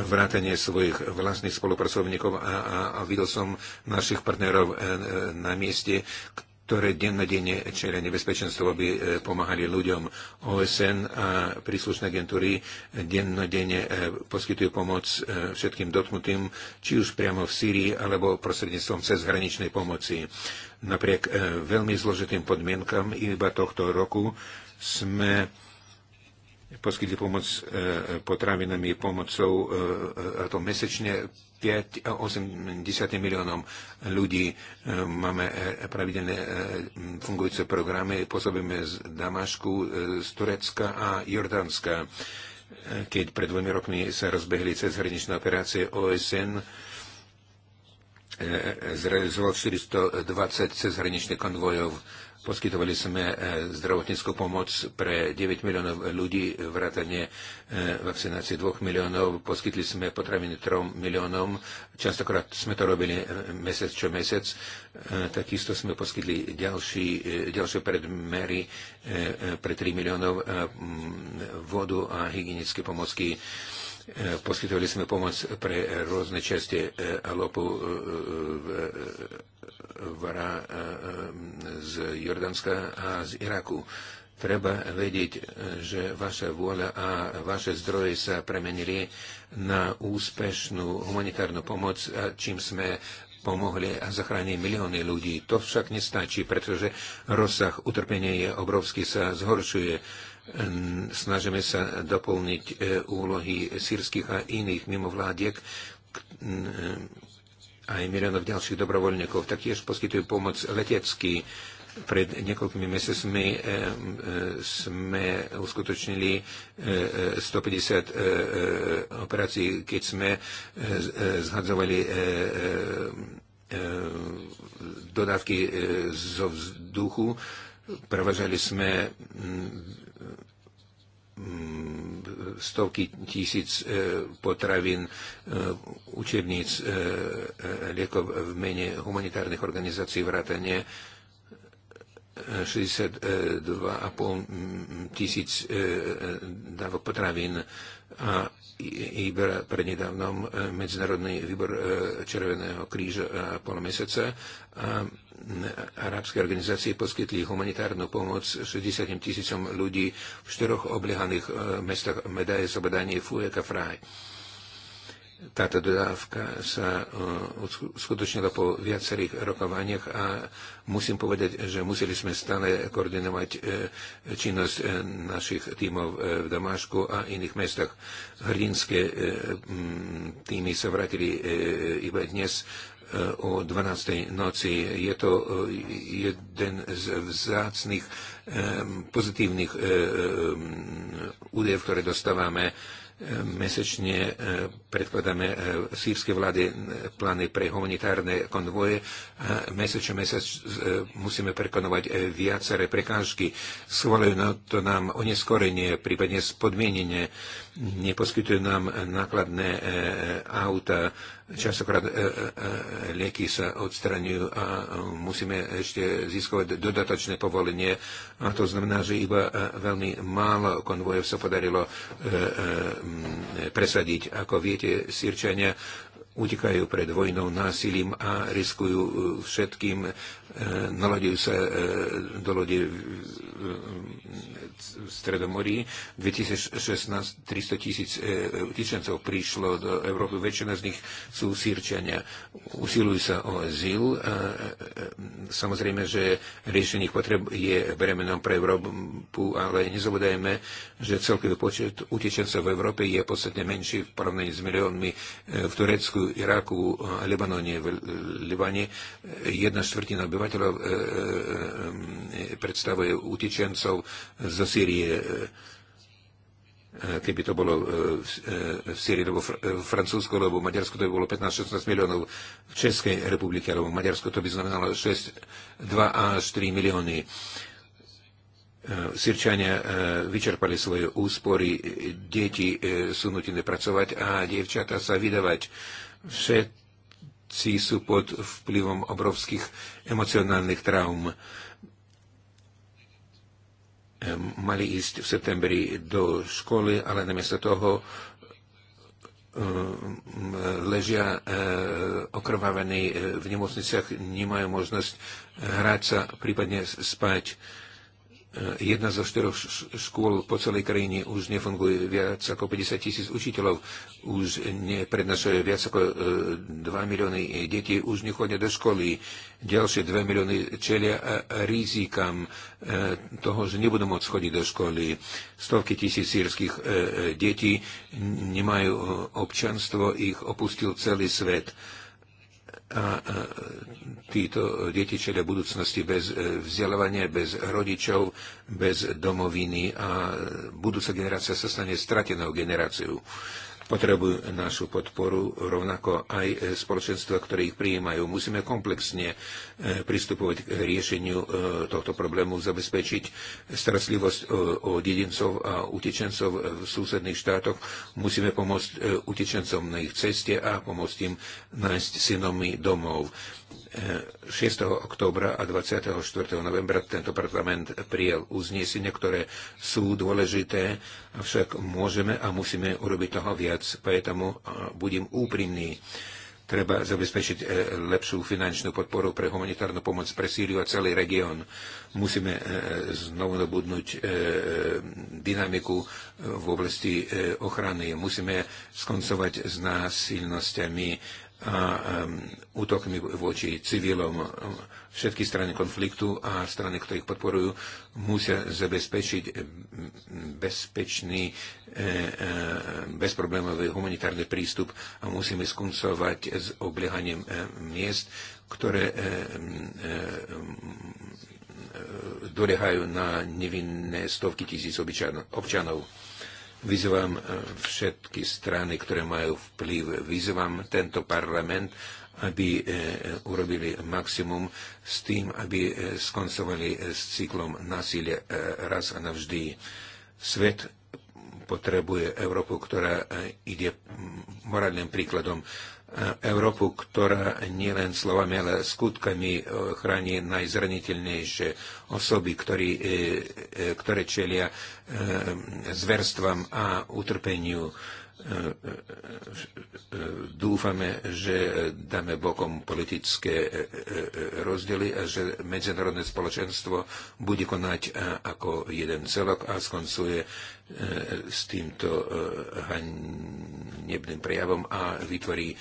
vrátanie svojich vlastných spolupracovníkov a, a, a videl som našich partnerov na mieste, ktoré dennodenne čeria nebezpečenstvo, aby e, pomáhali ľuďom. OSN a príslušné agentúry dennodenne e, poskytujú pomoc e, všetkým dotknutým, či už priamo v Sýrii, alebo prostredníctvom cezhraničnej pomoci. Napriek veľmi zložitým podmienkam iba tohto roku sme poskytli pomoc potravinami, pomocou, a to mesečne 5, 8, 10 miliónom ľudí. E, máme e, pravidelné e, fungujúce programy, pôsobíme z Damašku, z Turecka a Jordánska. Keď pred dvomi rokmi sa rozbehli cez hraničné operácie OSN, zrealizoval 420 cez hraničných konvojov Poskytovali sme e, zdravotnickú pomoc pre 9 miliónov ľudí, vrátane e, vakcinácie 2 miliónov, poskytli sme potraviny 3 miliónom, častokrát sme to robili e, mesiac čo mesiac, takisto sme poskytli ďalší, ďalšie predmery pre 3 miliónov vodu a hygienické pomocky E, poskytovali sme pomoc pre rôzne časti e, Alopu e, Vara z Jordanska a z Iraku. Treba vedieť, že vaša vôľa a vaše zdroje sa premenili na úspešnú humanitárnu pomoc, čím sme pomohli a zachránili milióny ľudí. To však nestačí, pretože rozsah utrpenia je obrovský, sa zhoršuje Snažíme sa doplniť e, úlohy sírskych a iných mimovládiek mm, e, aj milionov ďalších dobrovoľníkov. Taktiež poskytujú pomoc letecky. Pred niekoľkými mesiacmi e, sme uskutočnili 150 operácií, keď sme zhadzovali dodávky zo vzduchu. Prevažali sme stovky tisíc e, potravín, e, učebníc, e, liekov v mene humanitárnych organizácií vrátane 62,5 tisíc dávok potravín a IBER prednedávnom e, Medzinárodný výbor e, Červeného kríža e, pol mesiaca a arabské organizácie poskytli humanitárnu pomoc 60 tisícom ľudí v štyroch obliehaných mestách Medaje, Zabadanie, Fuek a Fraj. Táto dodávka sa eh, uskutočnila po viacerých rokovaniach a musím povedať, že museli sme stále koordinovať eh, činnosť eh, našich tímov v Damášku a iných mestách. Hrdinské mm, týmy sa vrátili iba dnes o 12. noci. Je to jeden z vzácných pozitívnych údajov, ktoré dostávame Mesečne e, predkladáme e, sírskej vlády e, plány pre humanitárne konvoje a mesečne mesač musíme prekonovať viaceré prekážky. Schvalujú na to nám oneskorenie, prípadne spodmienenie neposkytujú nám nákladné e, e, auta, častokrát e, lieky sa odstraňujú a musíme ešte získovať dodatočné povolenie. A to znamená, že iba veľmi málo konvojov sa podarilo presadiť. Ako viete, Sirčania utekajú pred vojnou, násilím a riskujú všetkým. Naladujú sa do lodi v Stredomorí. 2016 300 tisíc e, utečencov prišlo do Európy. Väčšina z nich sú sírčania. Usilujú sa o azyl. E, e, samozrejme, že riešenie potreb je bremenom pre Európu, ale nezabudajme, že celkový počet utečencov v Európe je podstatne menší v porovnaní s miliónmi v Turecku, Iraku, Libanone, v Libane. Jedna štvrtina obyvateľov predstavuje utečencov zo zo Sýrie. E, e, keby to bolo e, v Sýrii, alebo v Francúzsku, alebo v Maďarsku, to by bolo 15-16 miliónov. V Českej republike, alebo v Maďarsku, to by znamenalo 6, 2 až 3 milióny. Sirčania vyčerpali svoje úspory, deti sú nutené pracovať a dievčatá sa vydávať. Všetci sú pod vplyvom obrovských emocionálnych traum. Ehm, mali ísť v septembri do školy, ale namiesto toho ehm, ležia ehm, okrvavení v nemocniciach, nemajú možnosť hrať sa, prípadne spať E, jedna zo štyroch škôl po celej krajine už nefunguje viac ako 50 tisíc učiteľov, už neprednášajú viac ako 2 e, milióny detí, už nechodia do školy. Ďalšie 2 milióny čelia e, rizikám toho, že nebudú môcť chodiť do školy. Stovky tisíc sírskych detí nemajú občanstvo, ich opustil celý svet a títo detičelia budúcnosti bez e, vzdelávania, bez rodičov, bez domoviny a budúca generácia sa stane stratenou generáciou potrebujú našu podporu, rovnako aj e, spoločenstva, ktoré ich prijímajú. Musíme komplexne e, pristupovať k riešeniu e, tohto problému, zabezpečiť starostlivosť o dedincov a utečencov v susedných štátoch. Musíme pomôcť utečencom na ich ceste a pomôcť im nájsť synomy domov. 6. októbra a 24. novembra tento parlament prijel uznesenie, ktoré sú dôležité, avšak môžeme a musíme urobiť toho viac, preto budem úprimný. Treba zabezpečiť e, lepšiu finančnú podporu pre humanitárnu pomoc pre Sýriu a celý región. Musíme e, znovu dobudnúť e, dynamiku v oblasti ochrany. Musíme skoncovať s násilnosťami a útokmi voči civilom. Všetky strany konfliktu a strany, ktoré ich podporujú, musia zabezpečiť bezpečný, e, e, bezproblémový humanitárny prístup a musíme skoncovať s obliehaním e, miest, ktoré doliehajú na nevinné stovky tisíc občanov. Vyzvám e, všetky strany, ktoré majú vplyv, vyzvám tento parlament, aby e, e, urobili maximum s tým, aby skoncovali s cyklom násilia raz a navždy. Svet potrebuje Európu, ktorá ide morálnym príkladom Európu, ktorá nielen slovami, ale skutkami e, chráni najzraniteľnejšie osoby, ktorí, e, e, ktoré čelia zverstvam a utrpeniu dúfame, že dáme bokom politické e, e, e, rozdiely a že medzinárodné spoločenstvo bude konať ako jeden celok a skoncuje s týmto hanebným prejavom a vytvorí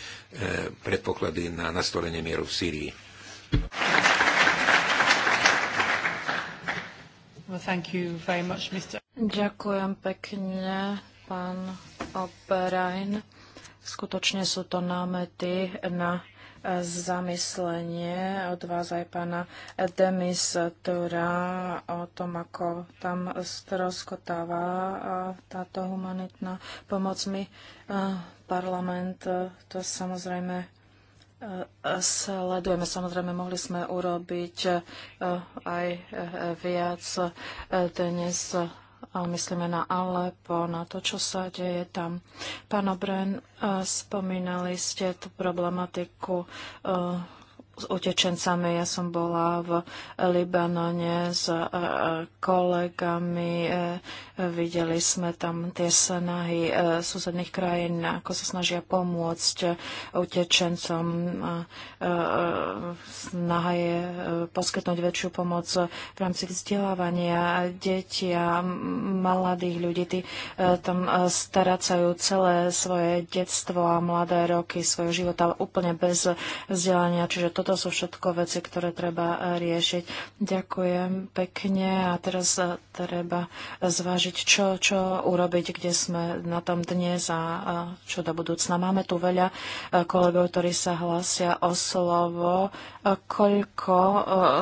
predpoklady na nastolenie mieru v Syrii. Well, thank you very much, Mr. Ďakujem pekne pán Operajn. Skutočne sú to námety na e, zamyslenie od vás aj pána Demis Tura o tom, ako tam stroskotáva e, táto humanitná pomoc. My e, parlament to samozrejme sledujeme. Samozrejme, mohli sme urobiť aj viac dnes myslíme na Alepo, na to, čo sa deje tam. Pán Obren, eh, spomínali ste tú problematiku eh, s utečencami. Ja som bola v Libanone s e, e, kolegami. E, videli sme tam tie snahy susedných krajín, ako sa snažia pomôcť utečencom. Snaha je poskytnúť väčšiu pomoc v rámci vzdelávania detí a mladých ľudí. Tí tam starácajú celé svoje detstvo a mladé roky svojho života úplne bez vzdelania. Čiže to toto sú všetko veci, ktoré treba e, riešiť. Ďakujem pekne a teraz e, treba zvážiť, čo, čo urobiť, kde sme na tom dnes a e, čo do budúcna. Máme tu veľa kolegov, ktorí sa hlasia o slovo. Koľko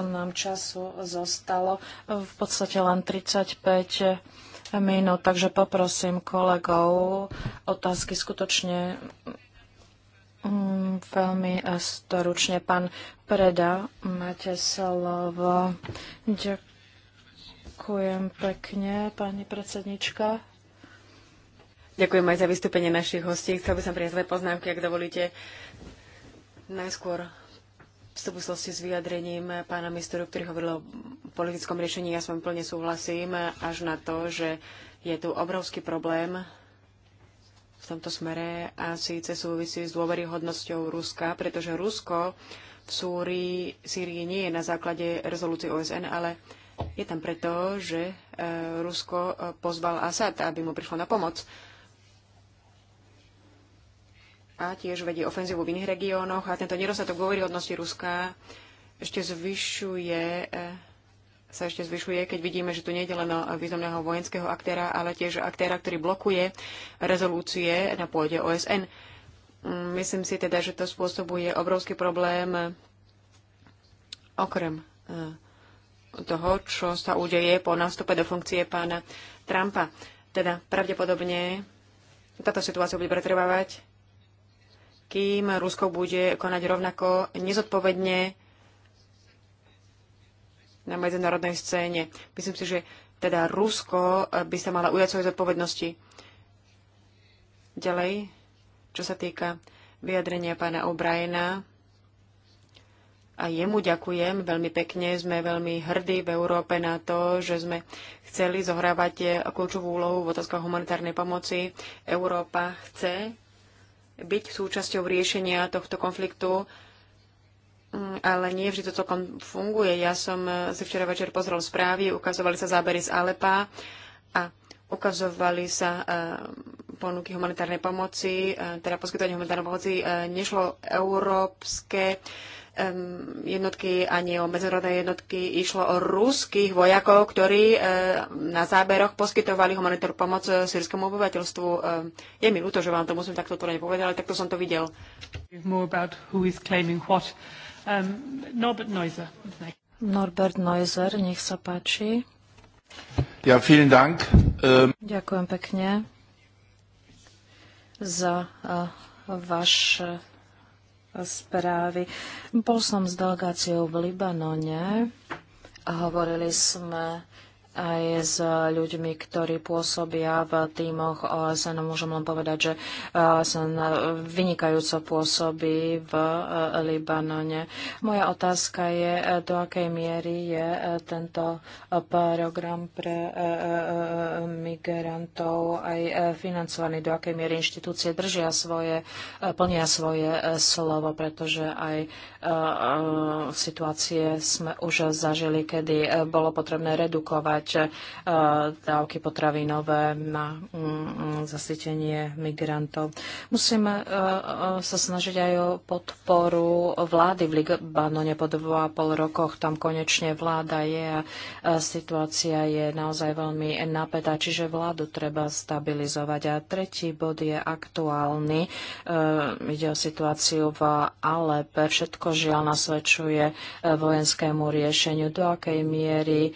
nám času zostalo? V podstate len 35 minút, takže poprosím kolegov otázky skutočne Mm, veľmi e, storučne, pán Preda, máte slovo. Ďakujem pekne, pani predsednička. Ďakujem aj za vystúpenie našich hostí. Chcel by som prijať zlé poznámky, ak dovolíte. Najskôr v súvislosti s vyjadrením pána ministru, ktorý hovoril o politickom riešení, ja s vami plne súhlasím, až na to, že je tu obrovský problém v tomto smere a síce súvisí s dôveryhodnosťou Ruska, pretože Rusko v Súrii, Sýrii nie je na základe rezolúcie OSN, ale je tam preto, že e, Rusko e, pozval Asad, aby mu prišlo na pomoc. A tiež vedie ofenzívu v iných regiónoch a tento nedostatok dôveryhodnosti Ruska ešte zvyšuje e, sa ešte zvyšuje, keď vidíme, že tu nie je len významného vojenského aktéra, ale tiež aktéra, ktorý blokuje rezolúcie na pôde OSN. Mm, myslím si teda, že to spôsobuje obrovský problém eh, okrem eh, toho, čo sa udeje po nástupe do funkcie pána Trumpa. Teda pravdepodobne táto situácia bude pretrvávať, kým Rusko bude konať rovnako nezodpovedne na medzinárodnej scéne. Myslím si, že teda Rusko eh, by sa mala ujať svoje zodpovednosti. Ďalej, čo sa týka vyjadrenia pána O'Briena, a jemu ďakujem veľmi pekne. Sme veľmi hrdí v Európe na to, že sme chceli zohrávať eh, kľúčovú úlohu v otázkach humanitárnej pomoci. Európa chce byť súčasťou riešenia tohto konfliktu ale nie vždy to celkom funguje. Ja som eh, si včera večer pozrel správy, ukazovali sa zábery z Alepa a ukazovali sa eh, ponuky humanitárnej pomoci, eh, teda poskytovanie humanitárnej pomoci. Nešlo európske jednotky ani o medzinárodné jednotky, išlo o ruských vojakov, ktorí na záberoch poskytovali humanitárnu pomoc sírskému obyvateľstvu. Je mi ľúto, že vám to musím takto otvorene povedať, ale takto som to videl. Um, Norbert Neuser. Norbert Neuser, nech sa páči. Ja, vielen Dank. Um... Ďakujem pekne za uh, vaše správy. Bol som s delegáciou v Libanone a hovorili sme aj s ľuďmi, ktorí pôsobia v týmoch OSN. Môžem len povedať, že OSN vynikajúco pôsobí v eh, Libanone. Moja otázka je, eh, do akej miery je eh, tento program pre migrantov aj financovaný, do akej miery inštitúcie držia svoje, plnia svoje slovo, pretože aj situácie sme už zažili, kedy bolo potrebné redukovať ďalšie eh, dávky potravinové na mm, mm, zasytenie migrantov. Musíme eh, eh, sa snažiť aj o podporu vlády v Libanone po dvoch a pol rokoch. Tam konečne vláda je a situácia je naozaj veľmi napätá, čiže vládu treba stabilizovať. A tretí bod je aktuálny. Ide o situáciu v Alepe. Všetko žiaľ nasvedčuje vojenskému riešeniu. Do akej miery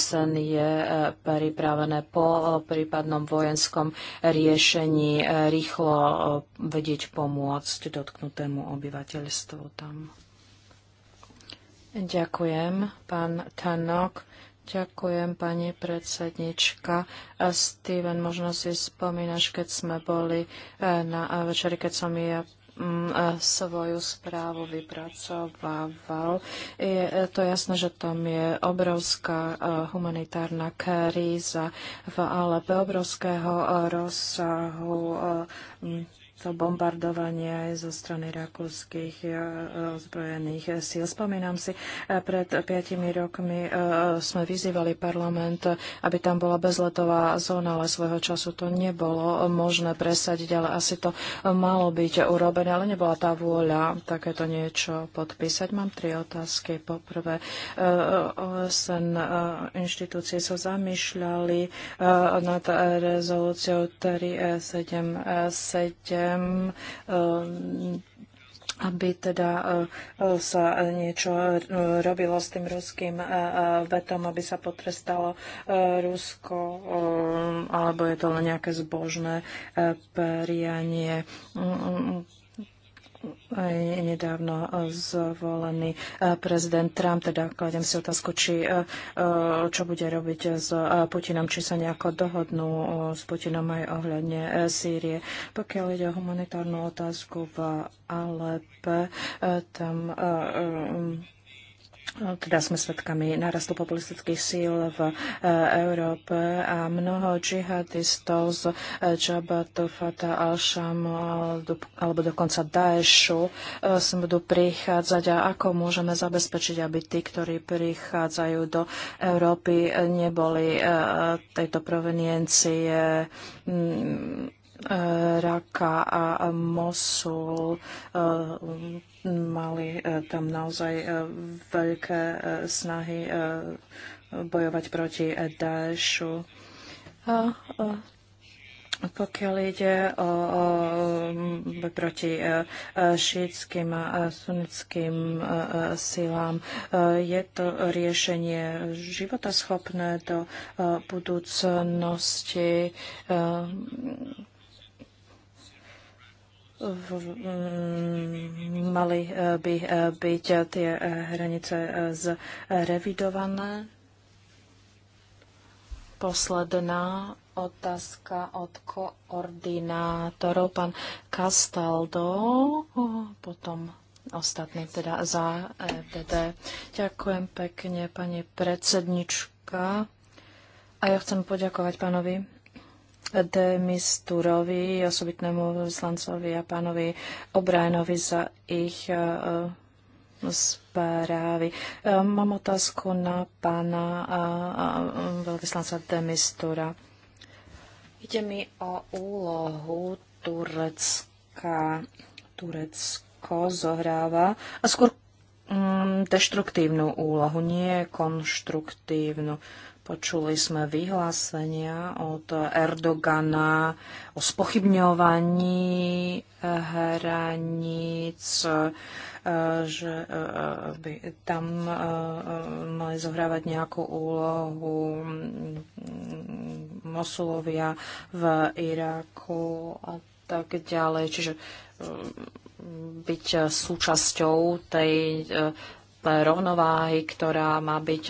OSN je e, pripravené po e, prípadnom vojenskom riešení e, rýchlo vedieť pomôcť dotknutému obyvateľstvu tam. Ďakujem, pán Tanok. Ďakujem, pani predsednička. Steven, možno si spomínaš, keď sme boli na večeri, keď som ja Mm, e, svoju správu vypracovával. Je e, to jasné, že tam je obrovská e, humanitárna kríza v Alepe, obrovského rozsahu to bombardovanie aj zo strany rakúskych e, ozbrojených síl. Spomínam si, e, pred piatimi rokmi e, sme vyzývali parlament, aby tam bola bezletová zóna, ale svojho času to nebolo možné presadiť, ale asi to malo byť urobené, ale nebola tá vôľa takéto niečo podpísať. Mám tri otázky. Poprvé, OSN inštitúcie sa zamýšľali nad rezolúciou 377 záujem eh, aby teda eh, sa niečo eh, robilo s tým ruským vetom, aby sa potrestalo Rusko, alebo je to len nejaké zbožné prianie. Mm, mm, mm nedávno zvolený e, prezident Trump, teda kladem si otázku, či, e, e, čo bude robiť s Putinom, či sa nejako dohodnú s Putinom aj ohľadne Sýrie. Pokiaľ ide o humanitárnu otázku v Alepe, tam teda sme svedkami narastu populistických síl v e, Európe a mnoho džihadistov z e, Džabatu, Fata, Al-Sham alebo dokonca Daeshu e, sem budú prichádzať a ako môžeme zabezpečiť, aby tí, ktorí prichádzajú do Európy, neboli tejto proveniencie E, raka a Mosul e, mali e, tam naozaj veľké snahy bojovať proti Daešu. A, pokiaľ ide o, o proti šítským a sunnickým silám, je to riešenie životaschopné do budúcnosti Mm, mali eh, by eh, byť eh, tie hranice zrevidované. Posledná otázka od koordinátorov. Pán Castaldo, potom ostatní teda za FDD. E Ďakujem pekne, pani predsednička. A ja chcem poďakovať pánovi Misturovi, osobitnému vyslancovi a pánovi Obrajnovi za ich správy. E, e, mám otázku na pána veľvyslanca mistura. Ide mi o úlohu Turecka. Turecko zohráva a skôr mm, deštruktívnu úlohu, nie konštruktívnu. Počuli sme vyhlásenia od Erdogana o spochybňovaní eh, hraníc, eh, že eh, by tam mali zohrávať nejakú úlohu mm, Mosulovia v Iraku a tak ďalej. Čiže byť súčasťou tej rovnováhy, ktorá má byť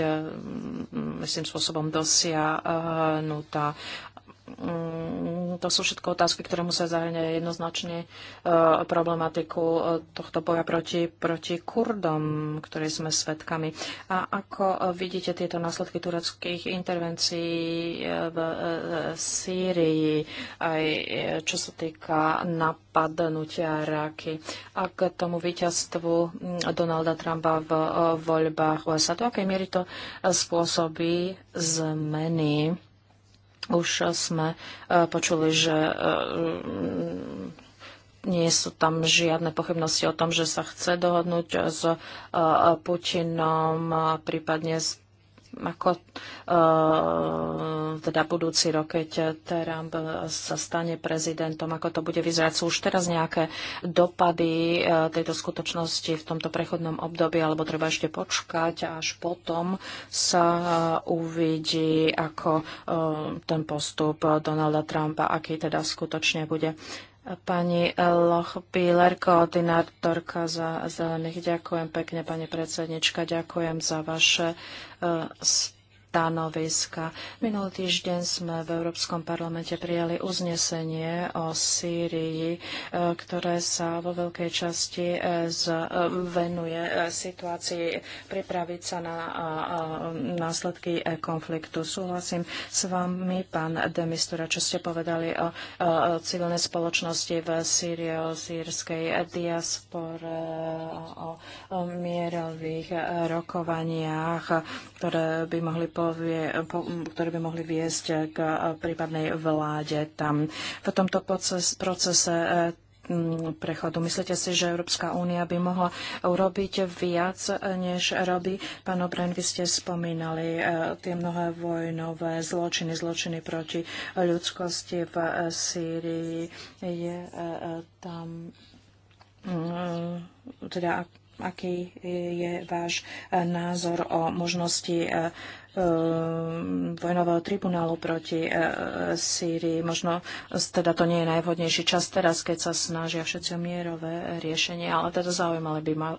myslím eh, spôsobom dosiahnutá. Mm, to sú všetko otázky, ktoré musia zahrňať jednoznačne e, problematiku e, tohto boja proti, proti Kurdom, ktorí sme svedkami. A ako e, vidíte tieto následky tureckých intervencií v Sýrii, aj čo sa týka napadnutia Raky a k tomu víťazstvu mm, Donalda Trumpa v voľbách USA? Do akej miery to spôsobí zmeny? Už sme e, počuli, že e, nie sú tam žiadne pochybnosti o tom, že sa chce dohodnúť s e, Putinom, prípadne s ako eh, teda budúci rok, keď Trump sa stane prezidentom, ako to bude vyzerať. Sú už teraz nejaké dopady eh, tejto skutočnosti v tomto prechodnom období, alebo treba ešte počkať, až potom sa eh, uvidí, ako ten postup Donalda Trumpa, aký teda skutočne bude. Pani Píler, koordinátorka za zelených, ďakujem pekne, pani predsednička, ďakujem za vaše uh, stanoviska. Minulý týždeň sme v Európskom parlamente prijali uznesenie o Sýrii, e, ktoré sa vo veľkej časti e, e, venuje situácii pripraviť sa na následky konfliktu. Súhlasím s vami, pán Demistura, čo ste povedali o civilnej spoločnosti v Sýrii, o sírskej diaspore, o mierových rokovaniach, ktoré by mohli povie, po, ktoré by mohli viesť k eh, prípadnej vláde tam. V tomto proces, procese eh, prechodu. Myslíte si, že Európska únia by mohla urobiť viac, eh, než robí? Pán Obren, vy ste spomínali tie mnohé vojnové zločiny, zločiny proti ľudskosti v Sýrii. Je tam mm, teda aký je váš názor o možnosti Ehm, vojnového tribunálu proti e, e, Sýrii. Možno teda to nie je najvhodnejší čas teraz, keď sa snažia všetci o mierové riešenie, ale teda zaujímali by ma e,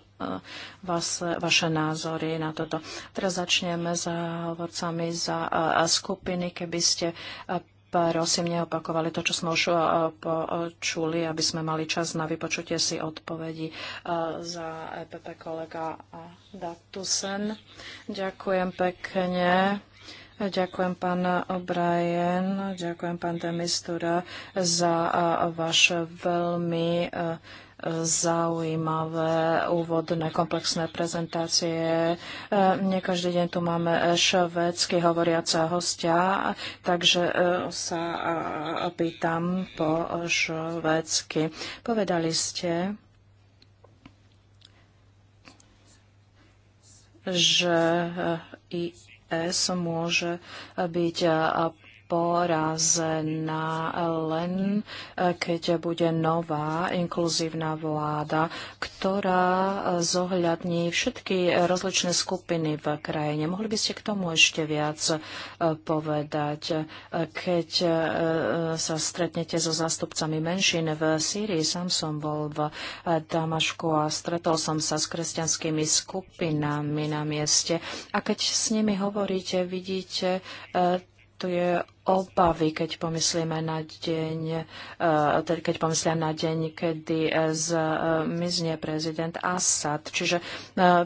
vás, vaše názory na toto. Teraz začneme za hovorcami za skupiny. Keby ste prosím, neopakovali to, čo sme už e, počuli, aby sme mali čas na vypočutie si odpovedí e, za EPP kolega Datusen. Ďakujem pekne. Ďakujem pán O'Brien, ďakujem pán Demistura za e, váš veľmi zaujímavé úvodné komplexné prezentácie. E, nie každý deň tu máme švedsky hovoriace hostia, takže e, sa pýtam po švedsky. Povedali ste, že e, IS môže byť porazená len e, keď bude nová inkluzívna vláda, ktorá zohľadní všetky rozličné skupiny v krajine. Mohli by ste k tomu ešte viac e, povedať, e, keď sa stretnete so zástupcami menšín v Sýrii. Sám som bol v Damašku a stretol som sa s kresťanskými skupinami na mieste. A keď s nimi hovoríte, vidíte, tu je obavy, keď pomyslíme na deň, e, keď pomyslia na deň, kedy e, zmizne prezident Assad. Čiže e,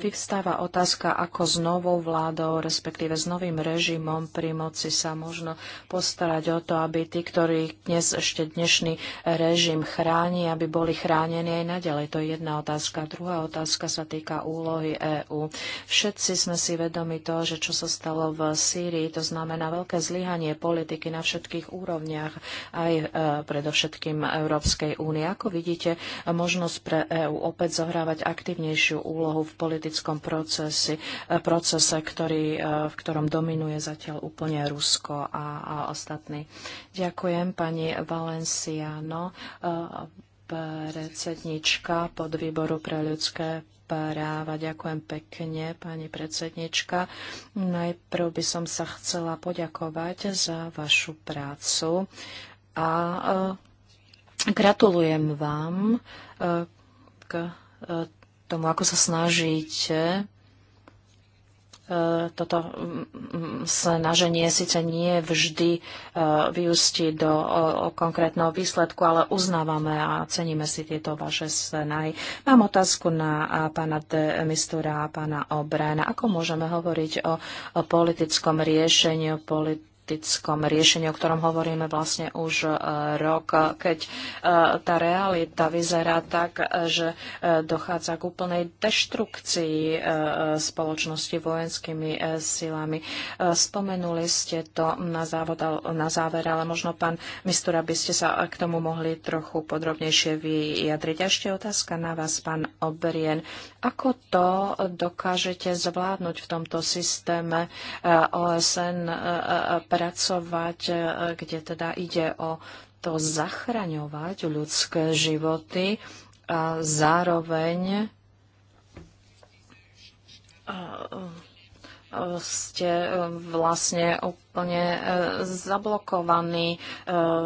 vyvstáva otázka, ako s novou vládou, respektíve s novým režimom pri moci sa možno postarať o to, aby tí, ktorí dnes ešte dnešný režim chráni, aby boli chránení aj naďalej. To je jedna otázka. Druhá otázka sa týka úlohy EÚ. Všetci sme si vedomi toho, že čo sa stalo v Sýrii, to znamená veľké zlyhanie politiky politiky na všetkých úrovniach, aj e, predovšetkým Európskej únie. Ako vidíte, možnosť pre EÚ opäť zohrávať aktívnejšiu úlohu v politickom procese, procese ktorý, e, v ktorom dominuje zatiaľ úplne Rusko a, a ostatní. Ďakujem pani Valenciano e, predsednička podvýboru pre ľudské práva. Ďakujem pekne, pani predsednička. Najprv by som sa chcela poďakovať za vašu prácu a e, gratulujem vám e, k e, tomu, ako sa snažíte toto mm, mm, snaženie síce nie vždy e, vyústi do konkrétneho výsledku, ale uznávame a ceníme si tieto vaše snahy. Mám otázku na pána de Mistura a pána Obrena, Ako môžeme hovoriť o politickom riešení, o politické politickom riešení, o ktorom hovoríme vlastne už e, rok, keď e, tá realita vyzerá tak, e, že dochádza k úplnej deštrukcii spoločnosti vojenskými silami. Spomenuli ste to na, závod, na záver, ale možno pán Mistura by ste sa k tomu mohli trochu podrobnejšie vyjadriť. ešte otázka na vás, pán Obrien. Ako to dokážete zvládnuť v tomto systéme OSN pracovať, e, kde teda ide o to zachraňovať ľudské životy a zároveň e, e, ste vlastne úplne zablokovaní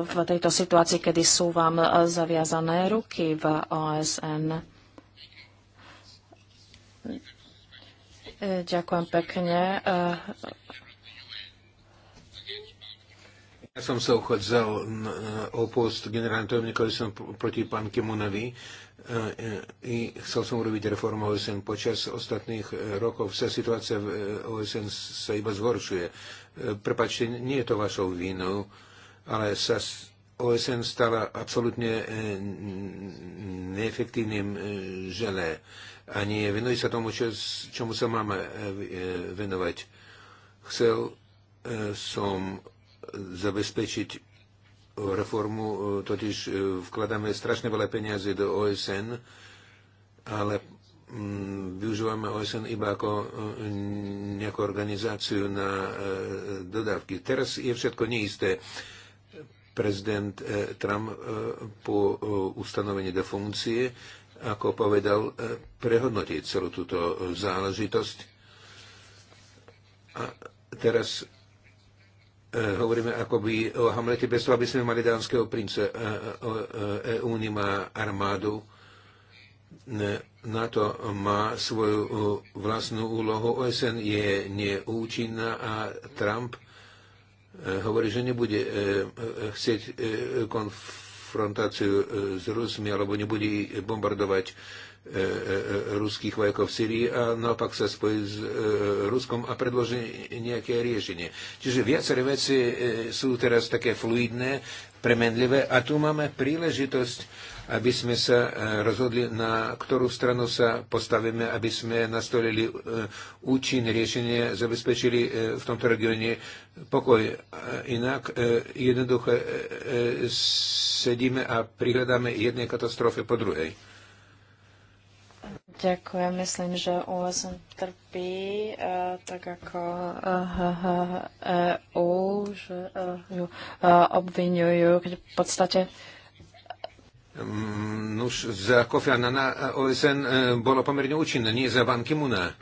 v tejto situácii, kedy sú vám zaviazané ruky v OSN. Ďakujem pekne. Ja som sa uchádzal o post generálneho tajomníka som proti pán Kimunovi e, e, i chcel som urobiť reformu OSN. Počas ostatných e, rokov sa situácia v OSN sa iba zhoršuje. Prepačte, nie je to vašou vínou, ale sa OSN stala absolútne neefektívnym želé a nie venuje sa tomu, čo, čomu sa máme venovať. Chcel som zabezpečiť reformu, e, totiž e, vkladáme strašne veľa peniazy do OSN, ale mm, využívame OSN iba ako e, nejakú organizáciu na dodávky. Teraz je všetko neisté. Prezident Trump po ustanovení do funkcie, ako povedal, prehodnotiť celú túto záležitosť. A teraz E, hovoríme akoby o Hamlete bez toho, aby sme mali dánskeho prince. EU e, e, nemá armádu, NATO má svoju vlastnú úlohu, OSN je neúčinná a Trump hovorí, že nebude chcieť konfrontáciu s Rusmi alebo nebude bombardovať E, e, e, ruských vojakov v Syrii a naopak sa spojí s Ruskom a predloží nejaké riešenie. Čiže viaceré veci sú teraz také fluidné, premenlivé a tu máme príležitosť aby sme sa rozhodli, na ktorú stranu sa postavíme, aby sme nastolili účin riešenie, zabezpečili v tomto regióne pokoj. Inak jednoducho sedíme a prihľadáme jednej katastrofe po druhej. Ďakujem. Myslím, že OSN trpí eh, tak ako EU, eh, e že eh, ju obvinujú, keď v podstate mm, Nuž, za Kofi Annana OSN bolo pomerne účinné, nie za Ban Ki-muna.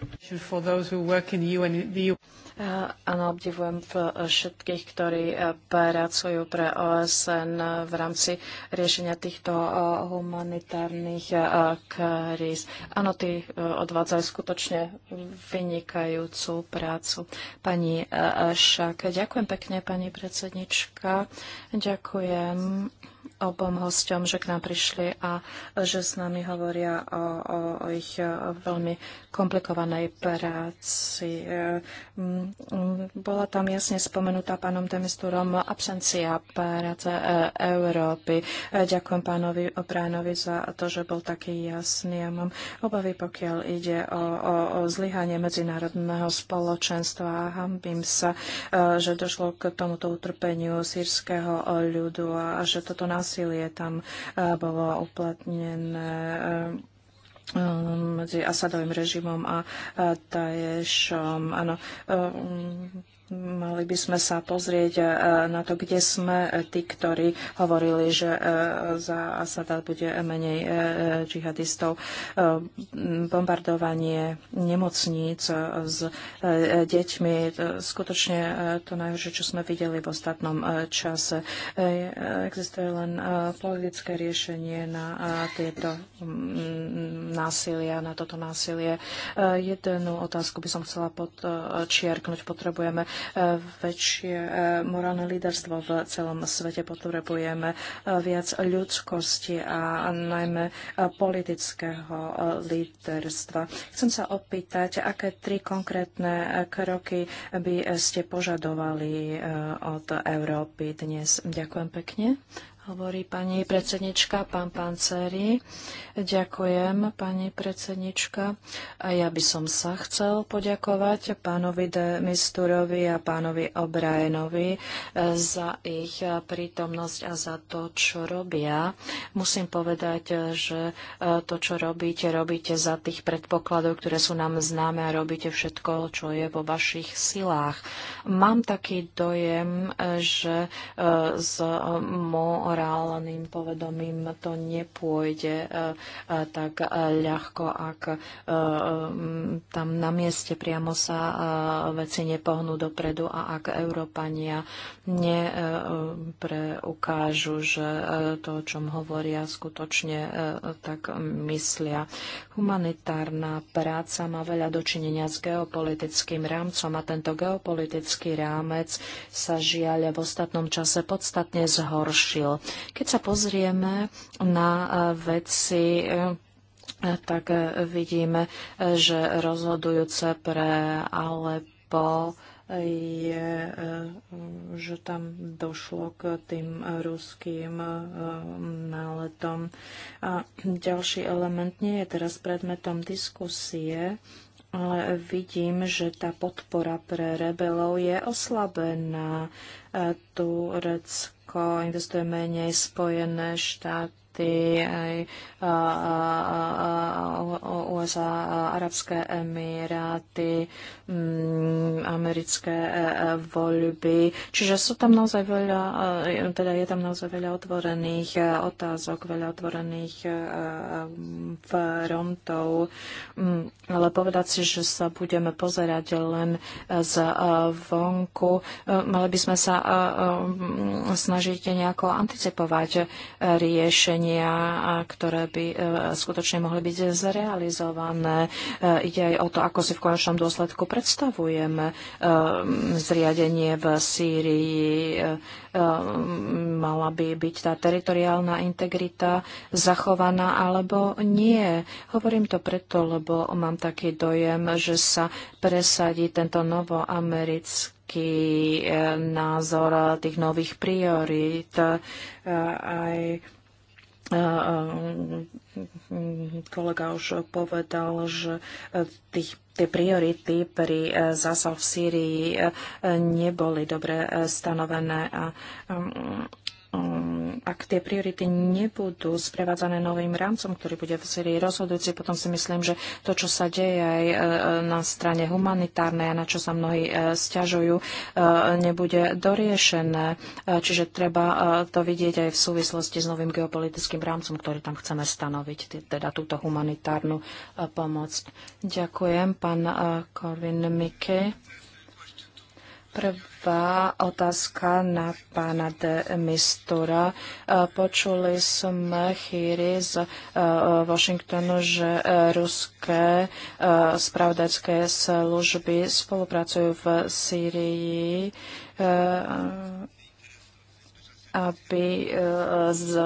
Áno, obdivujem všetkých, ktorí eh, pracujú pre OSN v rámci riešenia týchto eh, humanitárnych eh, kríz. Áno, tí odvádzajú skutočne vynikajúcu prácu. Pani Šak, ďakujem pekne, pani predsednička. Ďakujem obom hosťom, že k nám prišli a že s nami hovoria o, o, o ich veľmi komplikovanej práci. Mm, bola tam jasne spomenutá pánom temisturom absencia práce e, Európy. E, ďakujem pánovi Opránovi za to, že bol taký jasný. Ja mám obavy, pokiaľ ide o, o, o zlyhanie medzinárodného spoločenstva a hambím sa, e, že došlo k tomuto utrpeniu sírskeho ľudu a že toto na násilie tam e, bolo uplatnené e, um, medzi Asadovým režimom a Taješom. E, Áno, um, Mali by sme sa pozrieť e, na to, kde sme e, tí, ktorí hovorili, že e, za Asada bude menej džihadistov. Bombardovanie nemocníc s deťmi, skutočne to najhoršie, čo sme videli v ostatnom čase. Existuje len politické riešenie na tieto násilia, na toto násilie. Jednu otázku by som chcela podčiarknúť. Potrebujeme väčšie e, morálne líderstvo v celom svete. Potrebujeme e, viac ľudskosti a najmä e, politického líderstva. Chcem sa opýtať, aké tri konkrétne kroky by ste požadovali od Európy dnes. Ďakujem pekne hovorí pani predsednička, pán Panceri. Ďakujem, pani predsednička. A ja by som sa chcel poďakovať pánovi de Misturovi a pánovi Obrajenovi eh, za ich prítomnosť a za to, čo robia. Musím povedať, že eh, to, čo robíte, robíte za tých predpokladov, ktoré sú nám známe a robíte všetko, čo je vo vašich silách. Mám taký dojem, eh, že z môj morálnym povedomím to nepôjde e, e, tak e, ľahko, ak tam na mieste priamo sa veci nepohnú dopredu a ak Európania nepreukážu, že to, o čom hovoria, skutočne tak myslia. Humanitárna práca má veľa dočinenia s geopolitickým rámcom a tento geopolitický rámec sa žiaľ v ostatnom čase podstatne zhoršil. Keď sa pozrieme na e, veci e, tak e, vidíme, že rozhodujúce pre alebo je, že tam došlo k tým ruským náletom. A ďalší element nie je teraz predmetom diskusie, ale vidím, že tá podpora pre rebelov je oslabená. Turecko ako investuje menej Spojené štáty Ty aj USA, Arabské Emiráty, mm, americké e, e, voľby. Čiže sú tam naozaj veľa, e, teda je tam naozaj veľa otvorených otázok, veľa otvorených frontov. Mm, ale povedať si, že sa budeme pozerať len z vonku, mali by sme sa snažiť nejako anticipovať riešenie opatrenia, ktoré by e, skutočne mohli byť zrealizované. E, ide aj o to, ako si v konečnom dôsledku predstavujeme e, zriadenie v Sýrii. Mala by byť tá teritoriálna integrita zachovaná alebo nie. Hovorím to preto, lebo mám taký dojem, že sa presadí tento novoamerický názor tých nových priorít aj kolega už povedal, že e, tých tie priority pri e, zásah v Sýrii e, neboli dobre stanovené a Mm, ak tie priority nebudú sprevádzané novým rámcom, ktorý bude v Syrii rozhodujúci, potom si myslím, že to, čo sa deje aj e, na strane humanitárnej a na čo sa mnohí e, stiažujú, e, nebude doriešené. Čiže treba to vidieť aj v súvislosti s novým geopolitickým rámcom, ktorý tam chceme stanoviť, teda túto humanitárnu pomoc. Ďakujem, pán Corvin Mike. Prvá otázka na pána de Mistura. E, počuli sme chýry z e, Washingtonu, že e, ruské spravodajské služby spolupracujú v Sýrii aby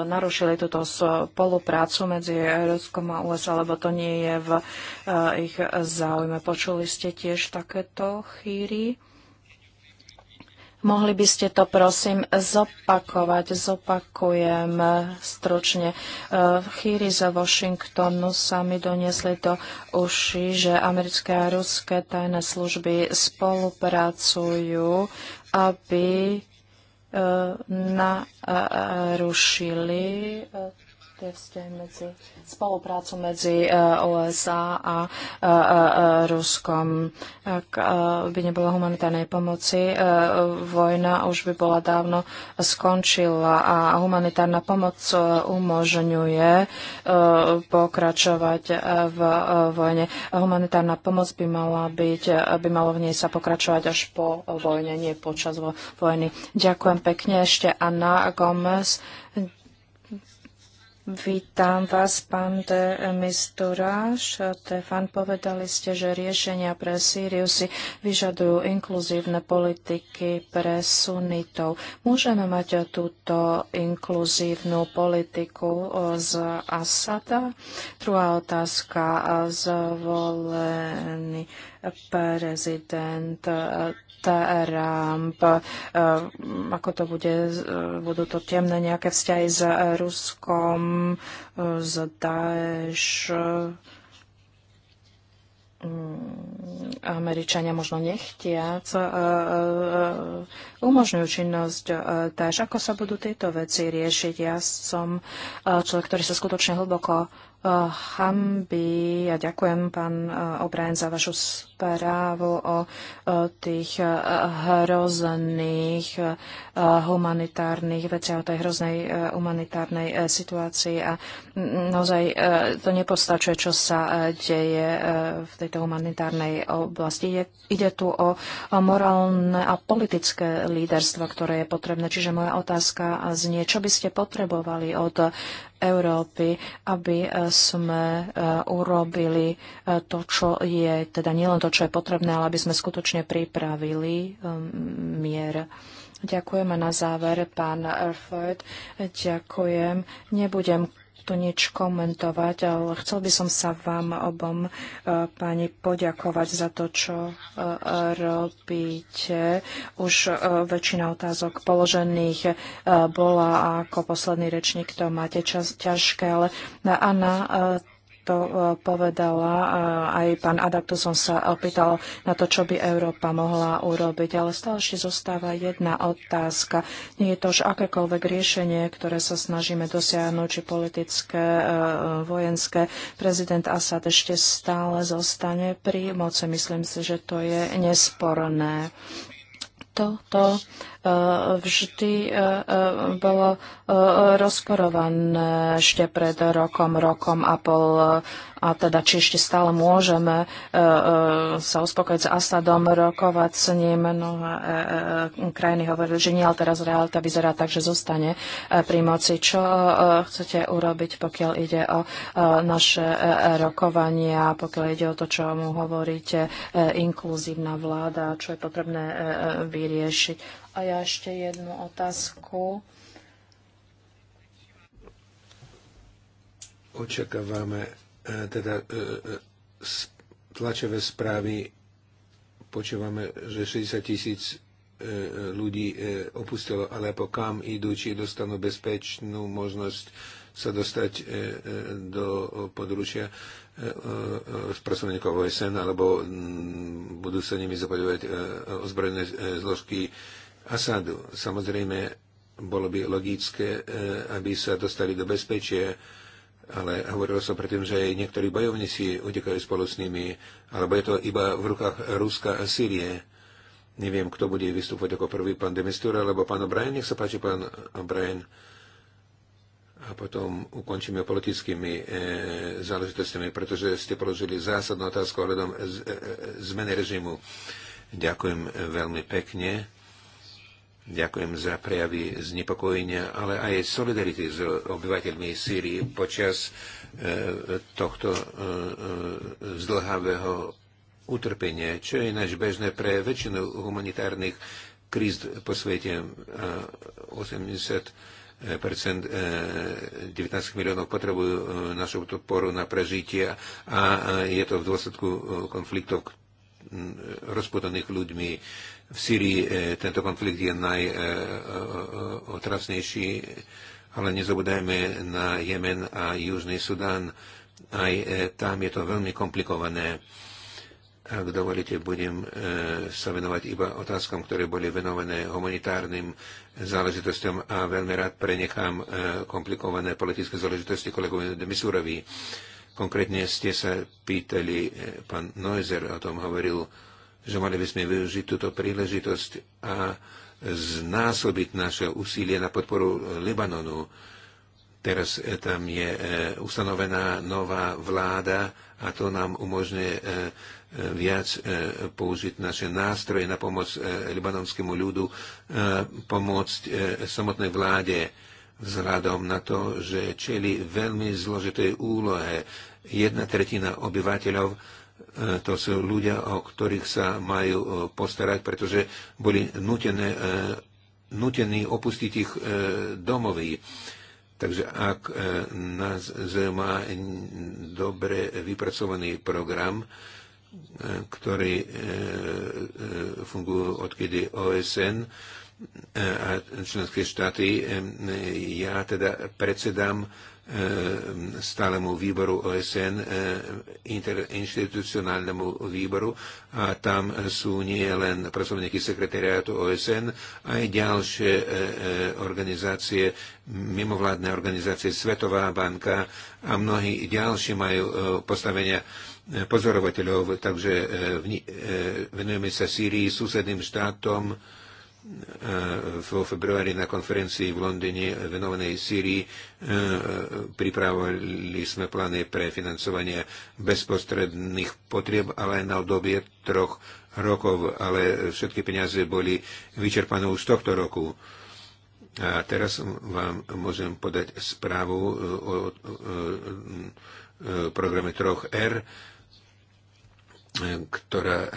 narušili túto spoluprácu medzi Ruskom a USA, lebo to nie je v ich záujme. Počuli ste tiež takéto chýry? Mohli by ste to prosím zopakovať, zopakujem stručne. E, chýri z Washingtonu sa mi doniesli do uši, že americké a ruské tajné služby spolupracujú, aby e, narušili e, aký je medzi spoluprácu medzi USA e, a e, e, Ruskom. Ak by nebola humanitárnej pomoci, vojna už by bola dávno skončila a humanitárna pomoc umožňuje pokračovať v vojne. Humanitárna pomoc by mala byť, by malo v nej sa pokračovať až po vojne, nie počas vojny. Ďakujem pekne ešte Anna Gomez. Vítam vás, pán de Misturáš. Stefan, povedali ste, že riešenia pre Sýriu si vyžadujú inkluzívne politiky pre sunitov. Môžeme mať túto inkluzívnu politiku e, z Asada? Druhá otázka. E, zvolený prezident e, Trump, eh, ako to bude, eh, budú to temné nejaké vzťahy s eh, Ruskom, s Daesh, mm, Američania možno nechtiac umožňujú činnosť Daesh. Ako sa budú tieto veci riešiť? Ja som človek, ktorý sa skutočne hlboko hambí. Ja ďakujem, pán O'Brien, za vašu správu o tých e, hrozných e, humanitárnych veciach, o tej hroznej e, humanitárnej situácii a naozaj to nepostačuje, čo sa deje v tejto humanitárnej oblasti. Ide tu o morálne a politické líderstvo, ktoré je potrebné. Čiže moja otázka znie, čo by ste potrebovali od Európy, aby sme urobili to, čo je, teda nielen to, čo je potrebné, ale aby sme skutočne pripravili um, mier. Ďakujem a na záver, pán Erfurt, ďakujem. Nebudem tu nič komentovať, ale chcel by som sa vám obom, uh, pani, poďakovať za to, čo uh, robíte. Už uh, väčšina otázok položených bola ako posledný rečník, to máte čas ťažké, ale Anna, to e, povedala aj pán Adak, som sa opýtal na to, čo by Európa mohla urobiť, ale stále ešte zostáva jedna otázka. Nie je to už akékoľvek riešenie, ktoré sa snažíme dosiahnuť, či politické, e, vojenské. Prezident Assad ešte stále zostane pri moci. Myslím si, že to je nesporné. Toto vždy e, e, bolo e, rozporované ešte pred rokom, rokom a pol a teda či ešte stále môžeme sa uspokojiť s Asadom, rokovať s ním. No krajiny hovorili, že nie, ale teraz realita vyzerá tak, že zostane pri moci. Čo chcete urobiť, pokiaľ ide o naše rokovania, pokiaľ ide o to, čo mu hovoríte, inkluzívna vláda, čo je potrebné vyriešiť? A ja ešte jednu otázku. Očakávame e, teda e, e, tlačové správy, počúvame, že 60 tisíc ľudí opustilo Alepo, kam idú, či dostanú bezpečnú možnosť sa dostať do područia spracovníkov OSN, alebo budú sa nimi zapadovať ozbrojené zložky Asadu. Samozrejme, bolo by logické, e, aby sa dostali do bezpečia, ale hovorilo sa predtým, že aj niektorí bojovníci utekajú spolu s nimi, alebo je to iba v rukách Ruska a Sýrie. Neviem, kto bude vystúpať ako prvý, pán Demistura alebo pán O'Brien. Nech sa páči, pán O'Brien. A potom ukončíme politickými e, záležitostiami, pretože ste položili zásadnú otázku ohľadom e, e, zmeny režimu. Ďakujem veľmi pekne. Ďakujem za prejavy znepokojenia, ale aj solidarity s obyvateľmi Sýrii počas e, tohto e, e, zdlhavého utrpenia, čo je náš bežné pre väčšinu humanitárnych kríz po svete. 80 19 miliónov potrebujú našu podporu na prežitie a je to v dôsledku konfliktov rozpodaných ľuďmi v Syrii e, tento konflikt je najotrasnejší, e, e, ale nezabudajme na Jemen a Južný Sudán. Aj tam je to veľmi komplikované. Ak dovolíte, budem sa venovať iba otázkam, ktoré boli venované humanitárnym záležitostiam a veľmi rád prenechám komplikované politické záležitosti kolegovi Demisurovi. Konkrétne ste sa pýtali, pán Neuser o tom hovoril, že mali by sme využiť túto príležitosť a znásobiť naše úsilie na podporu Libanonu. Teraz e, tam je e, ustanovená nová vláda a to nám umožňuje e, viac použiť naše nástroje na pomoc libanonskému ľudu, pomôcť samotnej vláde vzhľadom na to, že čeli veľmi zložitej úlohe. Jedna tretina obyvateľov E, to sú ľudia, o ktorých sa majú e, postarať, pretože boli nutené, e, nutení opustiť ich domovy. Takže ak nás má dobre vypracovaný program, ktorý funguje odkedy OSN a členské štáty, ja teda predsedám E, stálemu výboru OSN, e, interinstitucionálnemu výboru a tam sú nie len pracovníky sekretariátu OSN, aj ďalšie e, organizácie, mimovládne organizácie, Svetová banka a mnohí ďalší majú postavenia pozorovateľov, takže venujeme sa Sýrii, susedným štátom, E, vo februári na konferencii v Londýne venovanej Syrii e, pripravovali sme plány pre financovanie bezprostredných potrieb, ale aj na obdobie troch rokov, ale všetky peniaze boli vyčerpané už tohto roku. A teraz vám môžem podať správu e, o programe 3R ktorá e,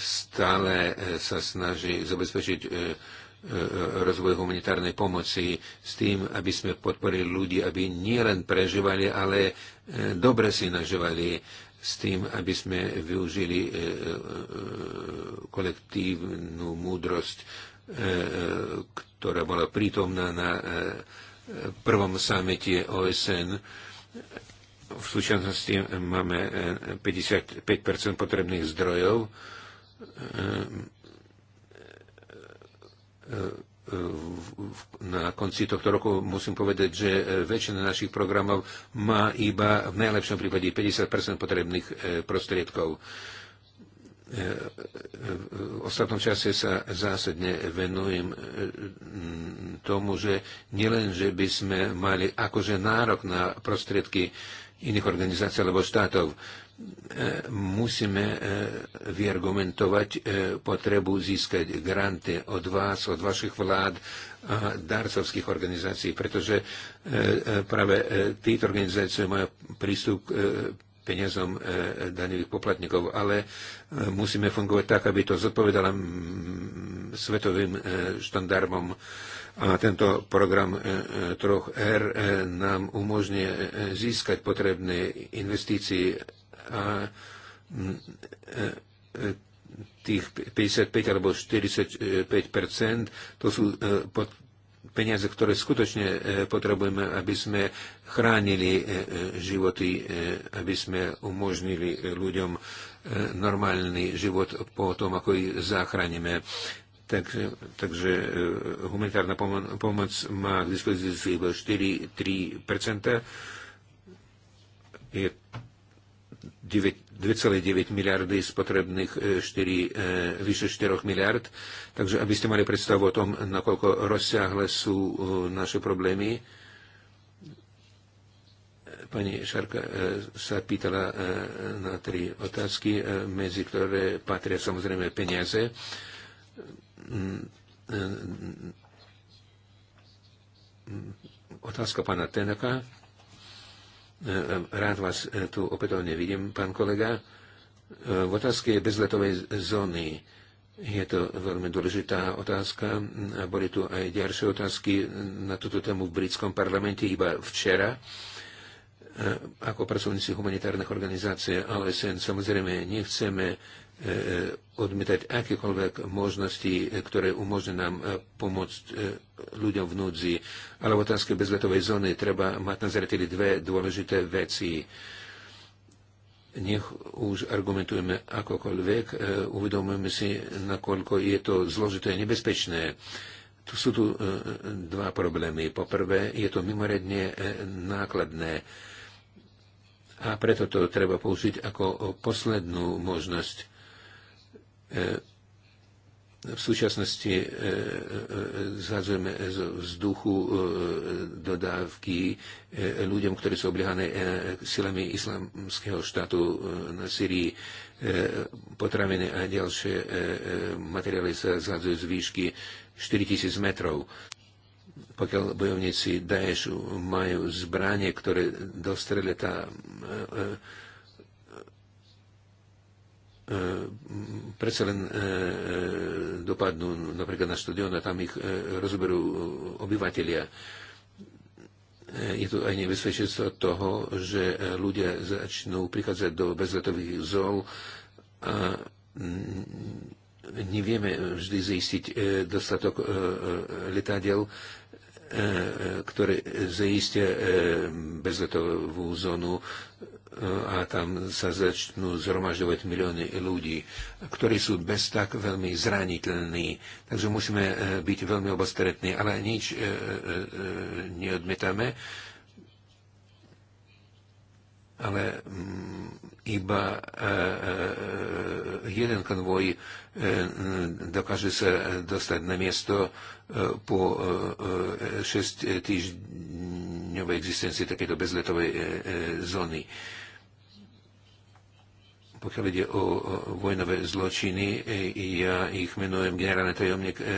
stále e, sa snaží zabezpečiť e, rozvoj humanitárnej pomoci s tým, aby sme podporili ľudí, aby nielen prežívali, ale dobre si nažívali s tým, aby sme využili kolektívnu múdrosť, ktorá bola prítomná na prvom samete OSN v súčasnosti máme 55 eh, potrebných zdrojov. Eh, eh, na konci tohto roku musím povedať, že väčšina našich programov má iba v najlepšom prípade 50 potrebných prostriedkov v ostatnom čase sa zásadne venujem tomu, že nielen, že by sme mali akože nárok na prostriedky iných organizácií alebo štátov. E, musíme e, vyargumentovať e, potrebu získať granty od vás, od vašich vlád a darcovských organizácií, pretože práve títo organizácie majú prístup k peniazom daňových poplatníkov, ale musíme fungovať tak, aby to zodpovedalo svetovým štandardom a tento program e, e, troch R e, nám umožňuje získať potrebné investície a tých 55 alebo 45 to sú peniaze, ktoré skutočne potrebujeme, aby sme chránili životy, aby sme umožnili ľuďom normálny život po tom, ako ich zachránime. Takže, takže e, humanitárna pomoc má k dispozícii iba 4-3 Je 2,9 miliardy z potrebných 4, e, e, vyše 4 miliard. Takže aby ste mali predstavu o tom, nakoľko rozsiahle sú naše problémy, pani Šarka sa pýtala na tri otázky, medzi ktoré patria samozrejme peniaze. E, Otázka pána Tenaka. Rád vás eh, tu opätovne vidím, pán kolega. Eh, v otázke bezletovej zóny je to veľmi dôležitá otázka. Boli tu aj ďalšie otázky na túto tému v britskom parlamente iba včera eh, ako pracovníci humanitárnych organizácií, ale sen samozrejme nechceme E, e, odmietať akékoľvek možnosti, ktoré umožňujú nám e, pomôcť ľuďom v núdzi. Ale v otázke bezletovej zóny treba mať na zreteli dve dôležité veci. Nech už argumentujeme akokoľvek, uvedomujeme si, nakoľko je to zložité a nebezpečné. Tu sú tu dva problémy. Poprvé, je to mimoriadne nákladné a preto to treba použiť ako poslednú možnosť E, v súčasnosti e, e, zhadzujeme z vzduchu dodávky ľuďom, ktorí sú obliehané silami islamského štátu na Syrii. Potraviny a ďalšie materiály sa zhadzujú z výšky 4000 metrov. Pokiaľ bojovníci Daešu majú zbranie, ktoré dostrelia tá E, predsa len e, e, dopadnú napríklad na štadión a tam ich rozoberú obyvateľia. Je to aj nebezpečenstvo toho, že ľudia začnú prichádzať do bezletových zón a mm, nevieme vždy zistiť dostatok letadiel, ktoré zaistia bezletovú zónu a tam sa začnú zhromažďovať milióny ľudí, ktorí sú bez tak veľmi zraniteľní. Takže musíme e, byť veľmi obostretní, ale nič e, e, neodmietame, ale mm, iba jeden konvoj dokáže sa dostať na miesto po 6 týždňovej existencii takéto bezletovej zóny. Pokiaľ ide o vojnové zločiny, e, ja ich menujem generálny tajomník, e, e,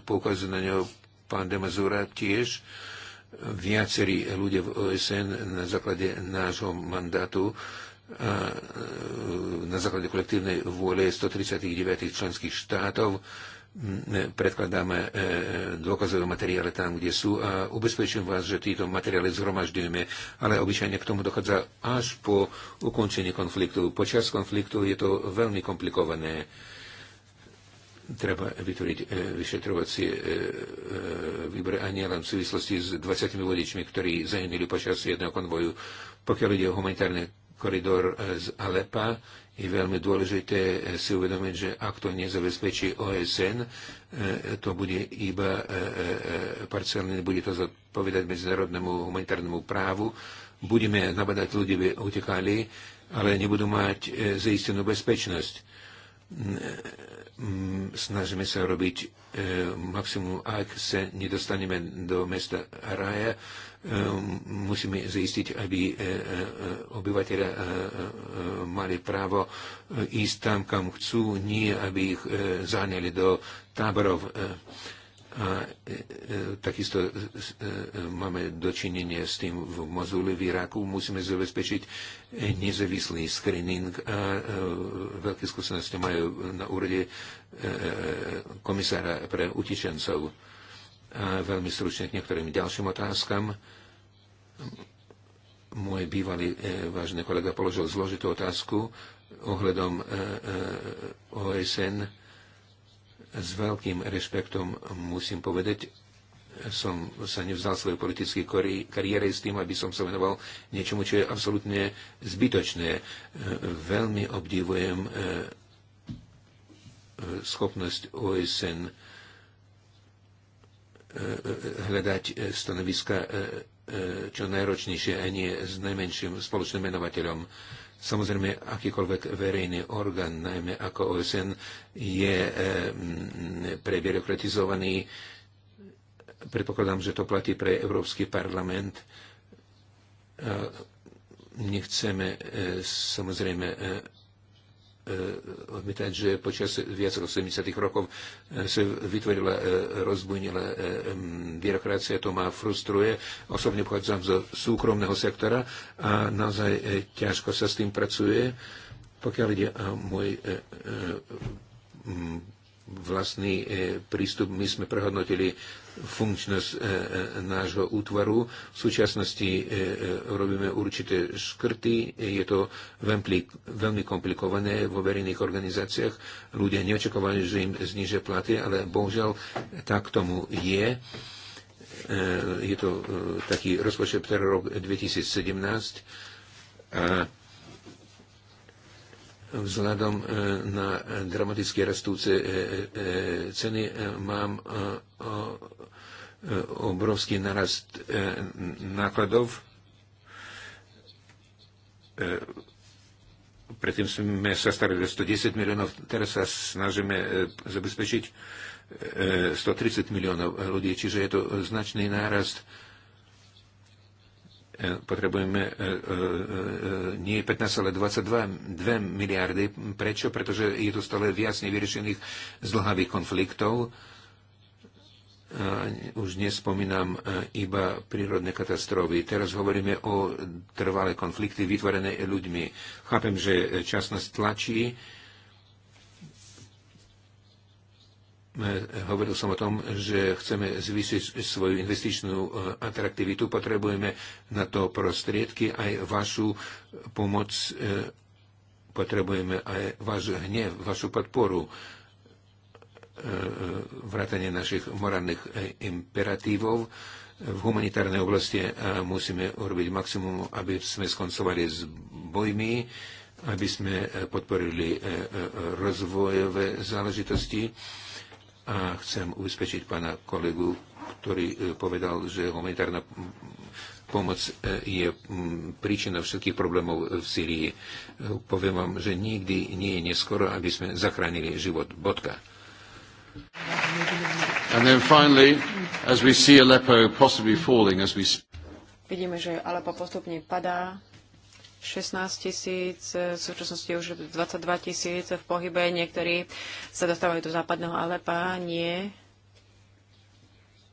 poukazuje na ňo pán Demazura tiež. Viacerí ľudia v OSN na základe nášho mandátu na základe kolektívnej vôle 139 členských štátov predkladáme e, e, dôkazové materiály tam, kde sú a ubezpečujem vás, že títo materiály zhromažďujeme, ale obyčajne k tomu dochádza až po ukončení konfliktu. Počas konfliktu je to veľmi komplikované. Treba vytvoriť e, vyšetrovacie výbory a nielen v súvislosti s 20 vodičmi, ktorí zahynuli počas jedného konvoju. Pokiaľ ide o humanitárny koridor z Alepa, je veľmi dôležité eh, si uvedomiť, že ak to nezabezpečí OSN, eh, to bude iba eh, parciálne, bude to zodpovedať medzinárodnému humanitárnemu právu. Budeme nabadať ľudí, aby utekali, ale nebudú mať zaistenú bezpečnosť. Mm, mm, snažíme sa robiť maximum, ak sa nedostaneme do mesta Raja, Ehm, musíme zistiť, aby e, e, e, obyvateľe mali právo ísť tam, kam chcú, nie aby ich zaneli do táborov. A takisto máme dočinenie s tým v Mozule, v Iraku. Musíme zabezpečiť nezávislý screening. A veľké skúsenosti majú na úrade komisára pre utečencov veľmi stručne k niektorým ďalším otázkam. Môj bývalý e, vážny kolega položil zložitú otázku ohľadom e, e, OSN. S veľkým rešpektom musím povedať, som sa nevzal svojej politickej kariéry s tým, aby som sa venoval niečomu, čo je absolútne zbytočné. E, veľmi obdivujem e, e, schopnosť OSN E, e, hľadať e, stanoviska čo najročnejšie a nie s najmenším spoločným menovateľom. Samozrejme, akýkoľvek verejný orgán, najmä ako OSN, je prebyrokratizovaný. Predpokladám, že to platí pre Európsky parlament. Nechceme samozrejme Eh, odmietať, že počas viac ako 70. rokov eh, sa vytvorila, eh, rozbujnila byrokracia, to ma frustruje. Osobne pochádzam zo súkromného sektora a naozaj ťažko sa s tým pracuje. Pokiaľ ide o môj vlastný e, prístup. My sme prehodnotili funkčnosť e, e, nášho útvaru. V súčasnosti robíme určité škrty. Je to veľmi komplikované vo verejných organizáciách. Ľudia neočakovali, že im znižia platy, ale bohužiaľ tak tomu je. Je to taký rozpočet pre rok 2017. A Vzhľadom e, na e, dramaticky rastúce e, ceny mám obrovský narast nákladov. Predtým sme sa starali 110 miliónov, teraz sa snažíme zabezpečiť 130 miliónov ľudí, čiže je to značný nárast potrebujeme e, e, e, nie 15, ale 22 2 miliardy. Prečo? Pretože je tu stále viac nevyriešených zlhavých konfliktov. Už nespomínam iba prírodné katastrofy. Teraz hovoríme o trvalé konflikty vytvorené ľuďmi. Chápem, že čas nás tlačí Eh, hovoril som o tom, že chceme zvýšiť svoju investičnú eh, atraktivitu, potrebujeme na to prostriedky, aj vašu pomoc, eh, potrebujeme aj váš hnev, vašu podporu vrátanie našich morálnych imperatívov v humanitárnej oblasti musíme urobiť maximum, aby sme skoncovali s bojmi, aby sme podporili rozvojové záležitosti a chcem ubezpečiť pána kolegu, ktorý e, povedal, že humanitárna pomoc e, je príčina všetkých problémov v Syrii. E, poviem vám, že nikdy nie je neskoro, aby sme zachránili život. Bodka. And then finally, as we see Aleppo possibly falling as we Vidíme, že Alepo postupne padá, 16 tisíc, v súčasnosti už 22 tisíc v pohybe, niektorí sa dostávajú do západného Alepa, nie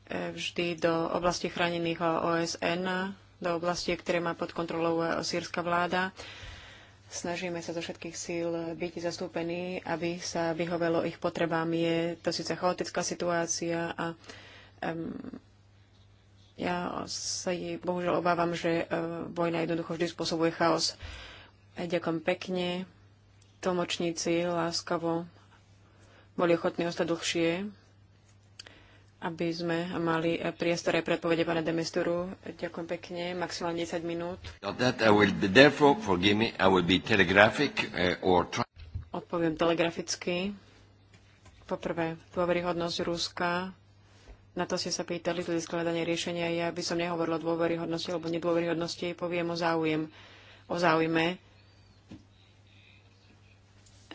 e, vždy do oblasti chránených OSN, do oblasti, ktoré má pod kontrolou e, sírska vláda. Snažíme sa zo všetkých síl byť zastúpení, aby sa vyhovelo ich potrebám. Je to síce chaotická situácia a um, ja sa jej bohužiaľ obávam, že e, vojna jednoducho vždy spôsobuje chaos. E, ďakujem pekne. Tlmočníci láskavo boli ochotní ostať dlhšie, aby sme mali e, priestor aj predpovede pána Demesturu. Ďakujem pekne, maximálne 10 minút. Odpoviem telegraficky. Poprvé, dôveryhodnosť Ruska na to ste sa pýtali, to skladanie riešenia. Ja by som nehovoril o dôveryhodnosti alebo nedôveryhodnosti, poviem o záujem, o záujme.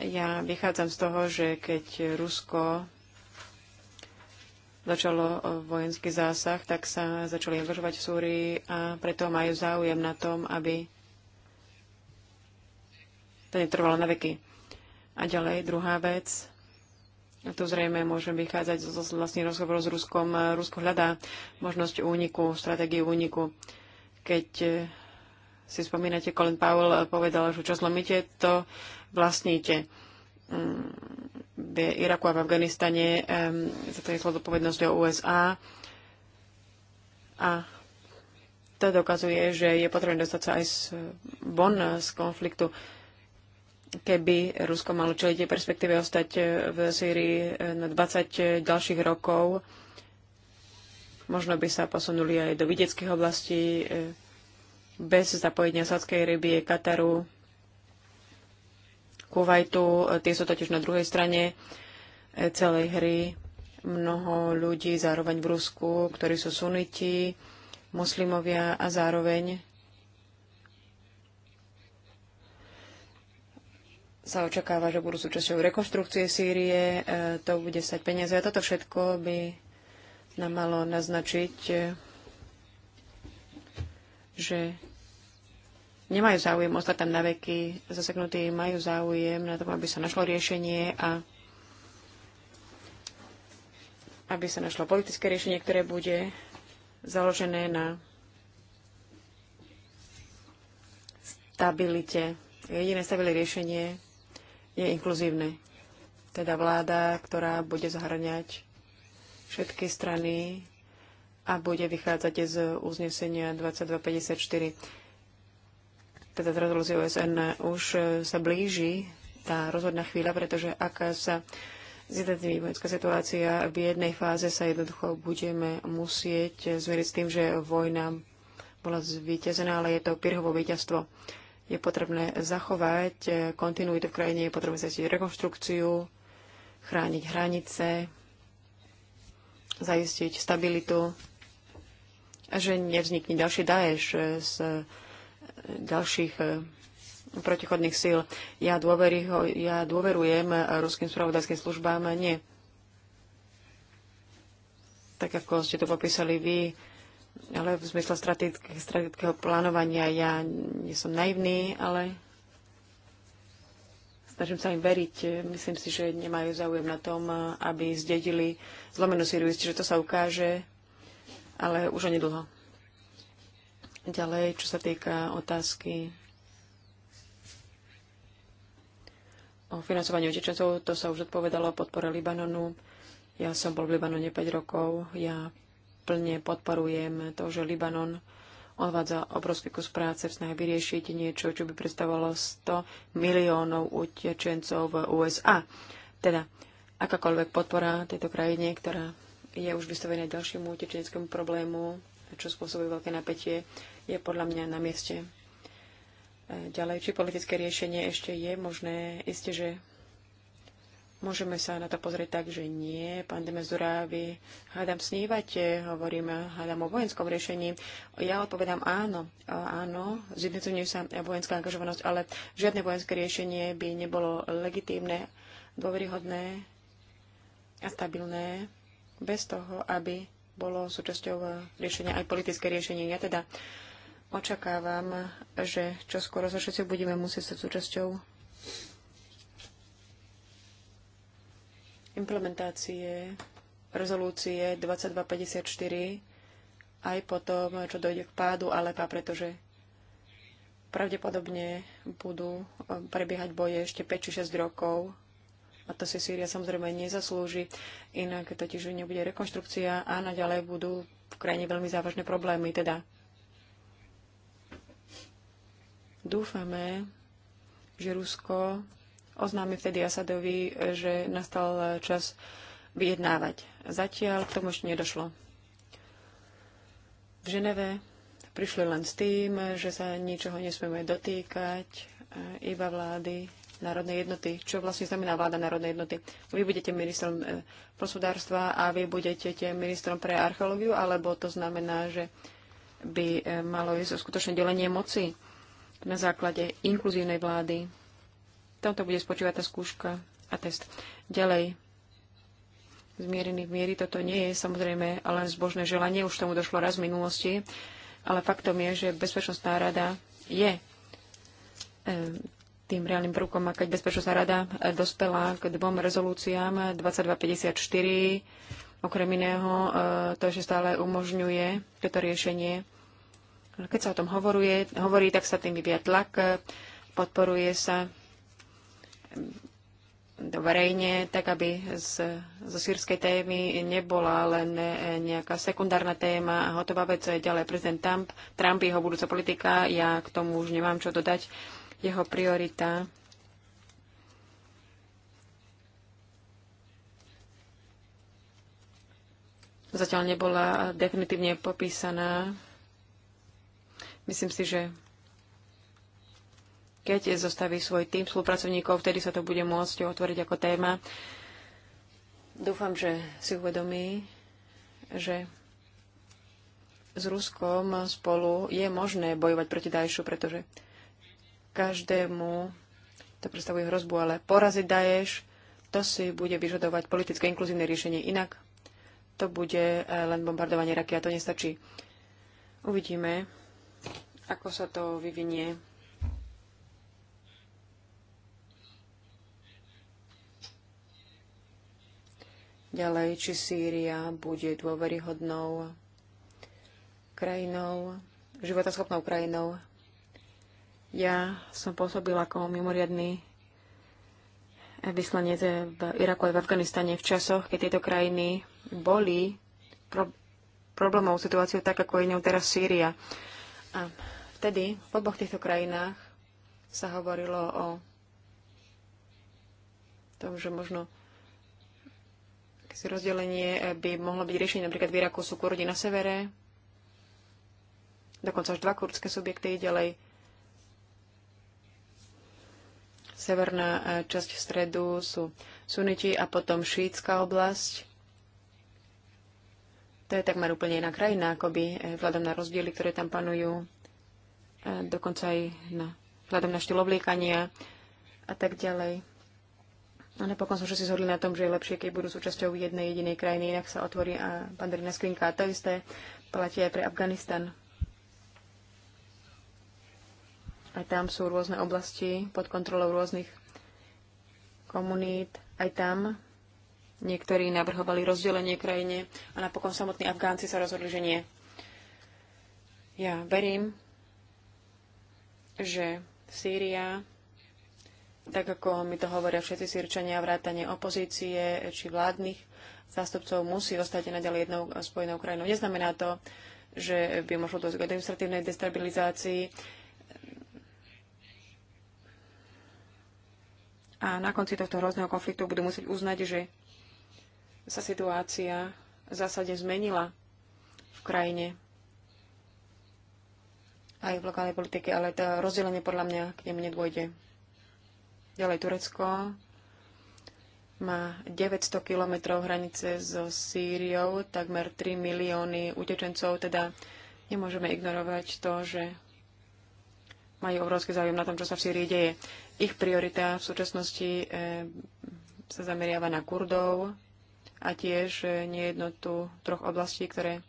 Ja vychádzam z toho, že keď Rusko začalo vojenský zásah, tak sa začali angažovať v Súrii a preto majú záujem na tom, aby to netrvalo na veky. A ďalej, druhá vec, to zrejme môžem vychádzať vlastne z vlastných rozhovorov s Ruskom. Rusko hľadá možnosť úniku, stratégiu úniku. Keď e, si spomínate, Colin Powell povedal, že čo zlomíte, to vlastníte. Mm, v Iraku a v Afganistane za to je zodpovednosťou USA. A to dokazuje, že je potrebné dostať sa aj z von z konfliktu keby Rusko malo čeliť tej perspektíve ostať eh, v Sýrii eh, na 20 eh, ďalších rokov, možno by sa posunuli aj do videckých oblastí bez zapojenia Sádskej Rybie, Kataru, Kuwaitu. Tie sú totiž na druhej strane celej hry. Mnoho ľudí zároveň v Rusku, ktorí sú suniti, muslimovia a zároveň sa očakáva, že budú súčasťou rekonštrukcie Sýrie, e, to bude stať peniaze. A toto všetko by nám malo naznačiť, e, že nemajú záujem ostať tam na veky zaseknutí, majú záujem na tom, aby sa našlo riešenie a aby sa našlo politické riešenie, ktoré bude založené na stabilite. Jediné stabilné riešenie je inkluzívne. Teda vláda, ktorá bude zahrňať všetky strany a bude vychádzať z uznesenia 2254. Teda z rezolúcie OSN už e, sa blíži tá rozhodná chvíľa, pretože ak sa zjednotí vojenská situácia, v jednej fáze sa jednoducho budeme musieť e, zmeriť s tým, že vojna bola zvíťazená, ale je to pirhovo víťazstvo je potrebné zachovať kontinuitu v krajine, je potrebné zaistiť rekonštrukciu, chrániť hranice, zajistiť stabilitu a že nevznikne ďalší Daesh z ďalších e, protichodných síl. Ja, dôveri, ja dôverujem ruským spravodajským službám, nie. Tak ako ste to popísali vy, ale v zmysle strategického plánovania ja nie som naivný, ale snažím sa im veriť. Myslím si, že nemajú záujem na tom, aby zdedili zlomenú Syriu. Isté, že to sa ukáže, ale už onedlho. Ďalej, čo sa týka otázky o financovaní utečencov, to sa už odpovedalo o podpore Libanonu. Ja som bol v Libanone 5 rokov. Ja plne podporujem to, že Libanon odvádza obrovský kus práce v snahe vyriešiť niečo, čo by predstavovalo 100 miliónov utečencov v USA. Teda akákoľvek podpora tejto krajine, ktorá je už vystavená ďalšiemu utečeneckému problému, čo spôsobuje veľké napätie, je podľa mňa na mieste. Ďalej, či politické riešenie ešte je možné, isté, že Môžeme sa na to pozrieť tak, že nie. Pán Demezura, vy hádam snívate, hovorím hádam o vojenskom riešení. Ja odpovedám áno. Áno, zjednocuje sa vojenská angažovanosť, ale žiadne vojenské riešenie by nebolo legitímne, dôveryhodné a stabilné bez toho, aby bolo súčasťou riešenia aj politické riešenie. Ja teda očakávam, že čoskoro sa všetci budeme musieť stať súčasťou implementácie rezolúcie 2254 aj potom, čo dojde k pádu Alepa, pretože pravdepodobne budú eh, prebiehať boje ešte 5 či 6 rokov a to si Sýria samozrejme nezaslúži, inak totiž nebude rekonštrukcia a naďalej budú v krajine veľmi závažné problémy. Teda dúfame, že Rusko oznámi vtedy Asadovi, že nastal čas vyjednávať. Zatiaľ k tomu ešte nedošlo. V Ženeve prišli len s tým, že sa ničoho nesmieme dotýkať, e, iba vlády národnej jednoty. Čo vlastne znamená vláda národnej jednoty? Vy budete ministrom hospodárstva e, a vy budete ministrom pre archeológiu, alebo to znamená, že by e, malo ísť o skutočné delenie moci na základe inkluzívnej vlády, tomto bude spočívať tá skúška a test. Ďalej, zmierený miery miery toto nie je samozrejme len zbožné želanie, už tomu došlo raz v minulosti, ale faktom je, že Bezpečnostná rada je e, tým reálnym prvkom, a keď Bezpečnostná rada e, dospela k dvom rezolúciám 2254, e, okrem iného, to ešte stále umožňuje toto riešenie. Keď sa o tom hovoruje, hovorí, tak sa tým vyvia tlak, podporuje sa verejne, tak aby z, zo sírskej témy nebola len e, nejaká sekundárna téma a hotová vec ďalej. Prezident Trump, Trump, jeho budúca politika, ja k tomu už nemám čo dodať, jeho priorita. Zatiaľ nebola definitívne popísaná. Myslím si, že keď zostaví svoj tým spolupracovníkov, vtedy sa to bude môcť otvoriť ako téma. Dúfam, že si uvedomí, že s Ruskom spolu je možné bojovať proti Daešu, pretože každému to predstavuje hrozbu, ale poraziť Daeš, to si bude vyžadovať politické inkluzívne riešenie. Inak to bude eh, len bombardovanie raky a to nestačí. Uvidíme, ako sa to vyvinie. ďalej, či Sýria bude dôveryhodnou krajinou, životaschopnou krajinou. Ja som pôsobil ako mimoriadný vyslanec v Iraku a v Afganistane v časoch, keď tieto krajiny boli pro- problémovou situáciou tak, ako je ňou teraz Sýria. A vtedy v oboch týchto krajinách sa hovorilo o tom, že možno akési rozdelenie eh, by mohlo byť riešenie, Napríklad v Iraku sú kurdi na severe, dokonca až dva kurdské subjekty ďalej. Severná eh, časť v stredu sú suniti a potom šítska oblasť. To je takmer úplne iná krajina, akoby eh, vzhľadom na rozdiely, ktoré tam panujú, dokonca aj na, vzhľadom na štýl obliekania a tak ďalej. A napokon sme všetci zhodli na tom, že je lepšie, keď budú súčasťou jednej jedinej krajiny, inak sa otvorí a pandorína skrinka. A to isté platí aj pre Afganistan. Aj tam sú rôzne oblasti pod kontrolou rôznych komunít. Aj tam niektorí navrhovali rozdelenie krajine a napokon samotní Afgánci sa rozhodli, že nie. Ja verím, že Sýria tak ako mi to hovoria všetci sírčania, vrátanie opozície či vládnych zástupcov musí ostať naďalej jednou spojenou krajinou. Neznamená to, že by možlo dosť k administratívnej destabilizácii. A na konci tohto hrozného konfliktu budú musieť uznať, že sa situácia v zásade zmenila v krajine aj v lokálnej politike, ale to rozdelenie podľa mňa k nemu nedôjde. Ďalej Turecko má 900 kilometrov hranice so Sýriou, takmer 3 milióny utečencov, teda nemôžeme ignorovať to, že majú obrovský záujem na tom, čo sa v Sýrii deje. Ich priorita v súčasnosti e, sa zameriava na Kurdov a tiež eh, nejednotu troch oblastí, ktoré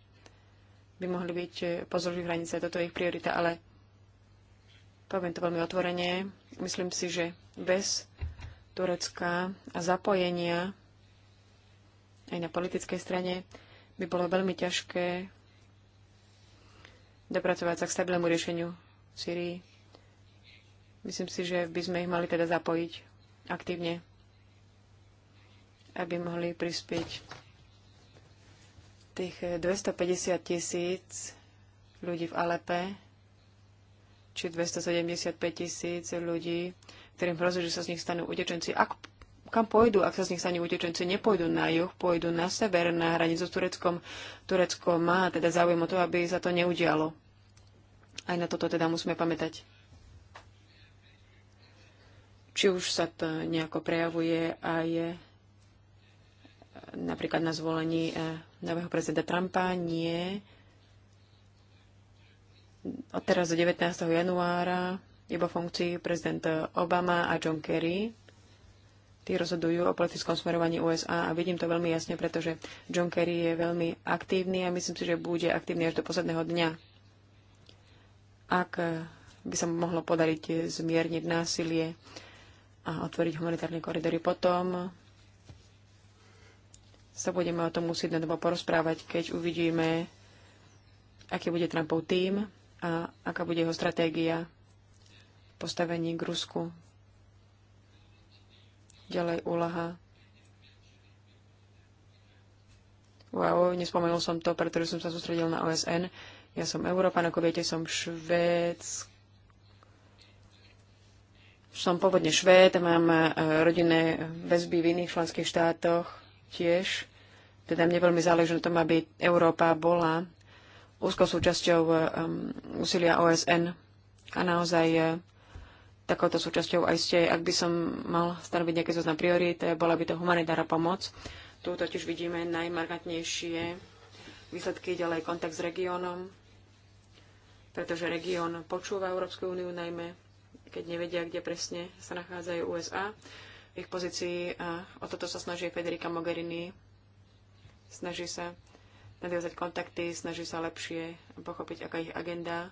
by mohli byť eh, pozdĺž hranice. Toto je ich priorita, ale Poviem to veľmi otvorene. Myslím si, že bez Turecka a zapojenia aj na politickej strane by bolo veľmi ťažké dopracovať sa k stabilnému riešeniu v Syrii. Myslím si, že by sme ich mali teda zapojiť aktívne, aby mohli prispieť tých 250 tisíc ľudí v Alepe, či 275 tisíc ľudí, ktorým hrozí, že sa z nich stanú utečenci. Ak, kam pôjdu, ak sa z nich stanú utečenci? Nepôjdu na juh, pôjdu na sever, na hranicu s Tureckom. Turecko má teda záujem o to, aby sa to neudialo. Aj na toto teda musíme pamätať. Či už sa to nejako prejavuje aj eh, napríklad na zvolení eh, nového prezidenta Trumpa, nie od teraz do 19. januára je vo funkcii prezident Obama a John Kerry. Tí rozhodujú o politickom smerovaní USA a vidím to veľmi jasne, pretože John Kerry je veľmi aktívny a myslím si, že bude aktívny až do posledného dňa. Ak by sa mohlo podariť zmierniť násilie a otvoriť humanitárne koridory potom, sa budeme o tom musieť na porozprávať, keď uvidíme, aký bude Trumpov tým a aká bude jeho stratégia v postavení k Rusku. Ďalej úlaha. Wow, nespomenul som to, pretože som sa sústredil na OSN. Ja som Európan, ako viete, som Švéd Som pôvodne Švéd, mám e, rodinné väzby v iných členských štátoch tiež. Teda mne veľmi záleží na tom, aby Európa bola úzkou súčasťou eh, úsilia OSN a naozaj eh, takouto súčasťou aj ste. Ak by som mal stanoviť nejaké zoznam priorít, eh, bola by to humanitárna pomoc. Tu totiž vidíme najmarkantnejšie výsledky, ďalej kontakt s regiónom, pretože región počúva Európsku úniu najmä, keď nevedia, kde presne sa nachádzajú USA v ich pozícii o toto sa snaží Federica Mogherini. Snaží sa nadviazať kontakty, snaží sa lepšie pochopiť, aká ich agenda.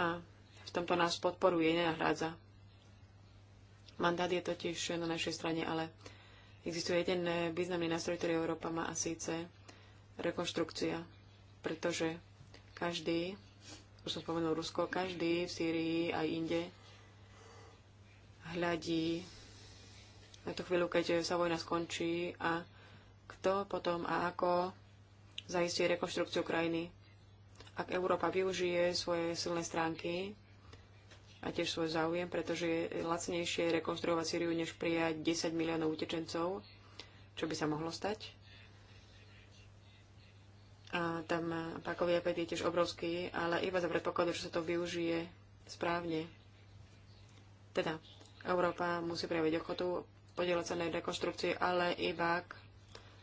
A v tomto nás podporuje, nenahrádza. Mandát je totiž na našej strane, ale existuje jeden významný nástroj, ktorý Európa má a síce rekonštrukcia. Pretože každý, už som spomenul Rusko, každý v Sýrii aj inde hľadí na tú chvíľu, keď sa vojna skončí a kto potom a ako zaistí rekonštrukciu krajiny. Ak Európa využije svoje silné stránky a tiež svoj záujem, pretože je lacnejšie rekonštruovať Syriu, než prijať 10 miliónov utečencov, čo by sa mohlo stať. A tam pakový apet je tiež obrovský, ale iba za predpokladu, že sa to využije správne. Teda, Európa musí prejaviť ochotu podielať sa na rekonstrukcii, ale iba ak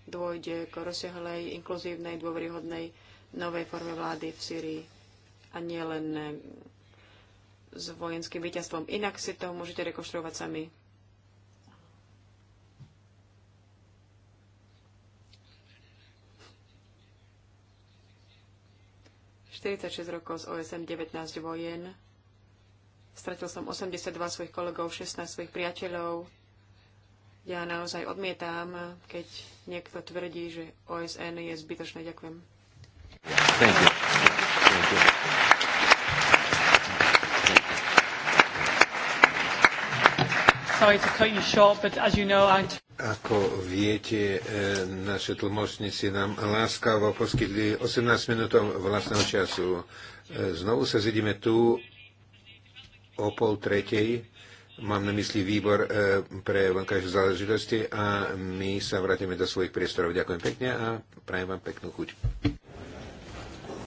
dôjde k rozsiahlej, inkluzívnej, dôveryhodnej novej forme vlády v Syrii a nielen eh, s vojenským víťazstvom. Inak si to môžete rekonštruovať sami. ...46 rokov z OSN, 19 vojen. Stratil som 82 svojich kolegov, 16 svojich priateľov ja naozaj odmietam, keď niekto tvrdí, že OSN je zbytočné. Ďakujem. Thank you. Thank you. Ako viete, e, naše tlmočníci nám láskavo poskytli 18 minút vlastného času. E, znovu sa zidíme tu o pol tretej. Mám na mysli výbor e, pre vonkajšie záležitosti a my sa vrátime do svojich priestorov. Ďakujem pekne a prajem vám peknú chuť.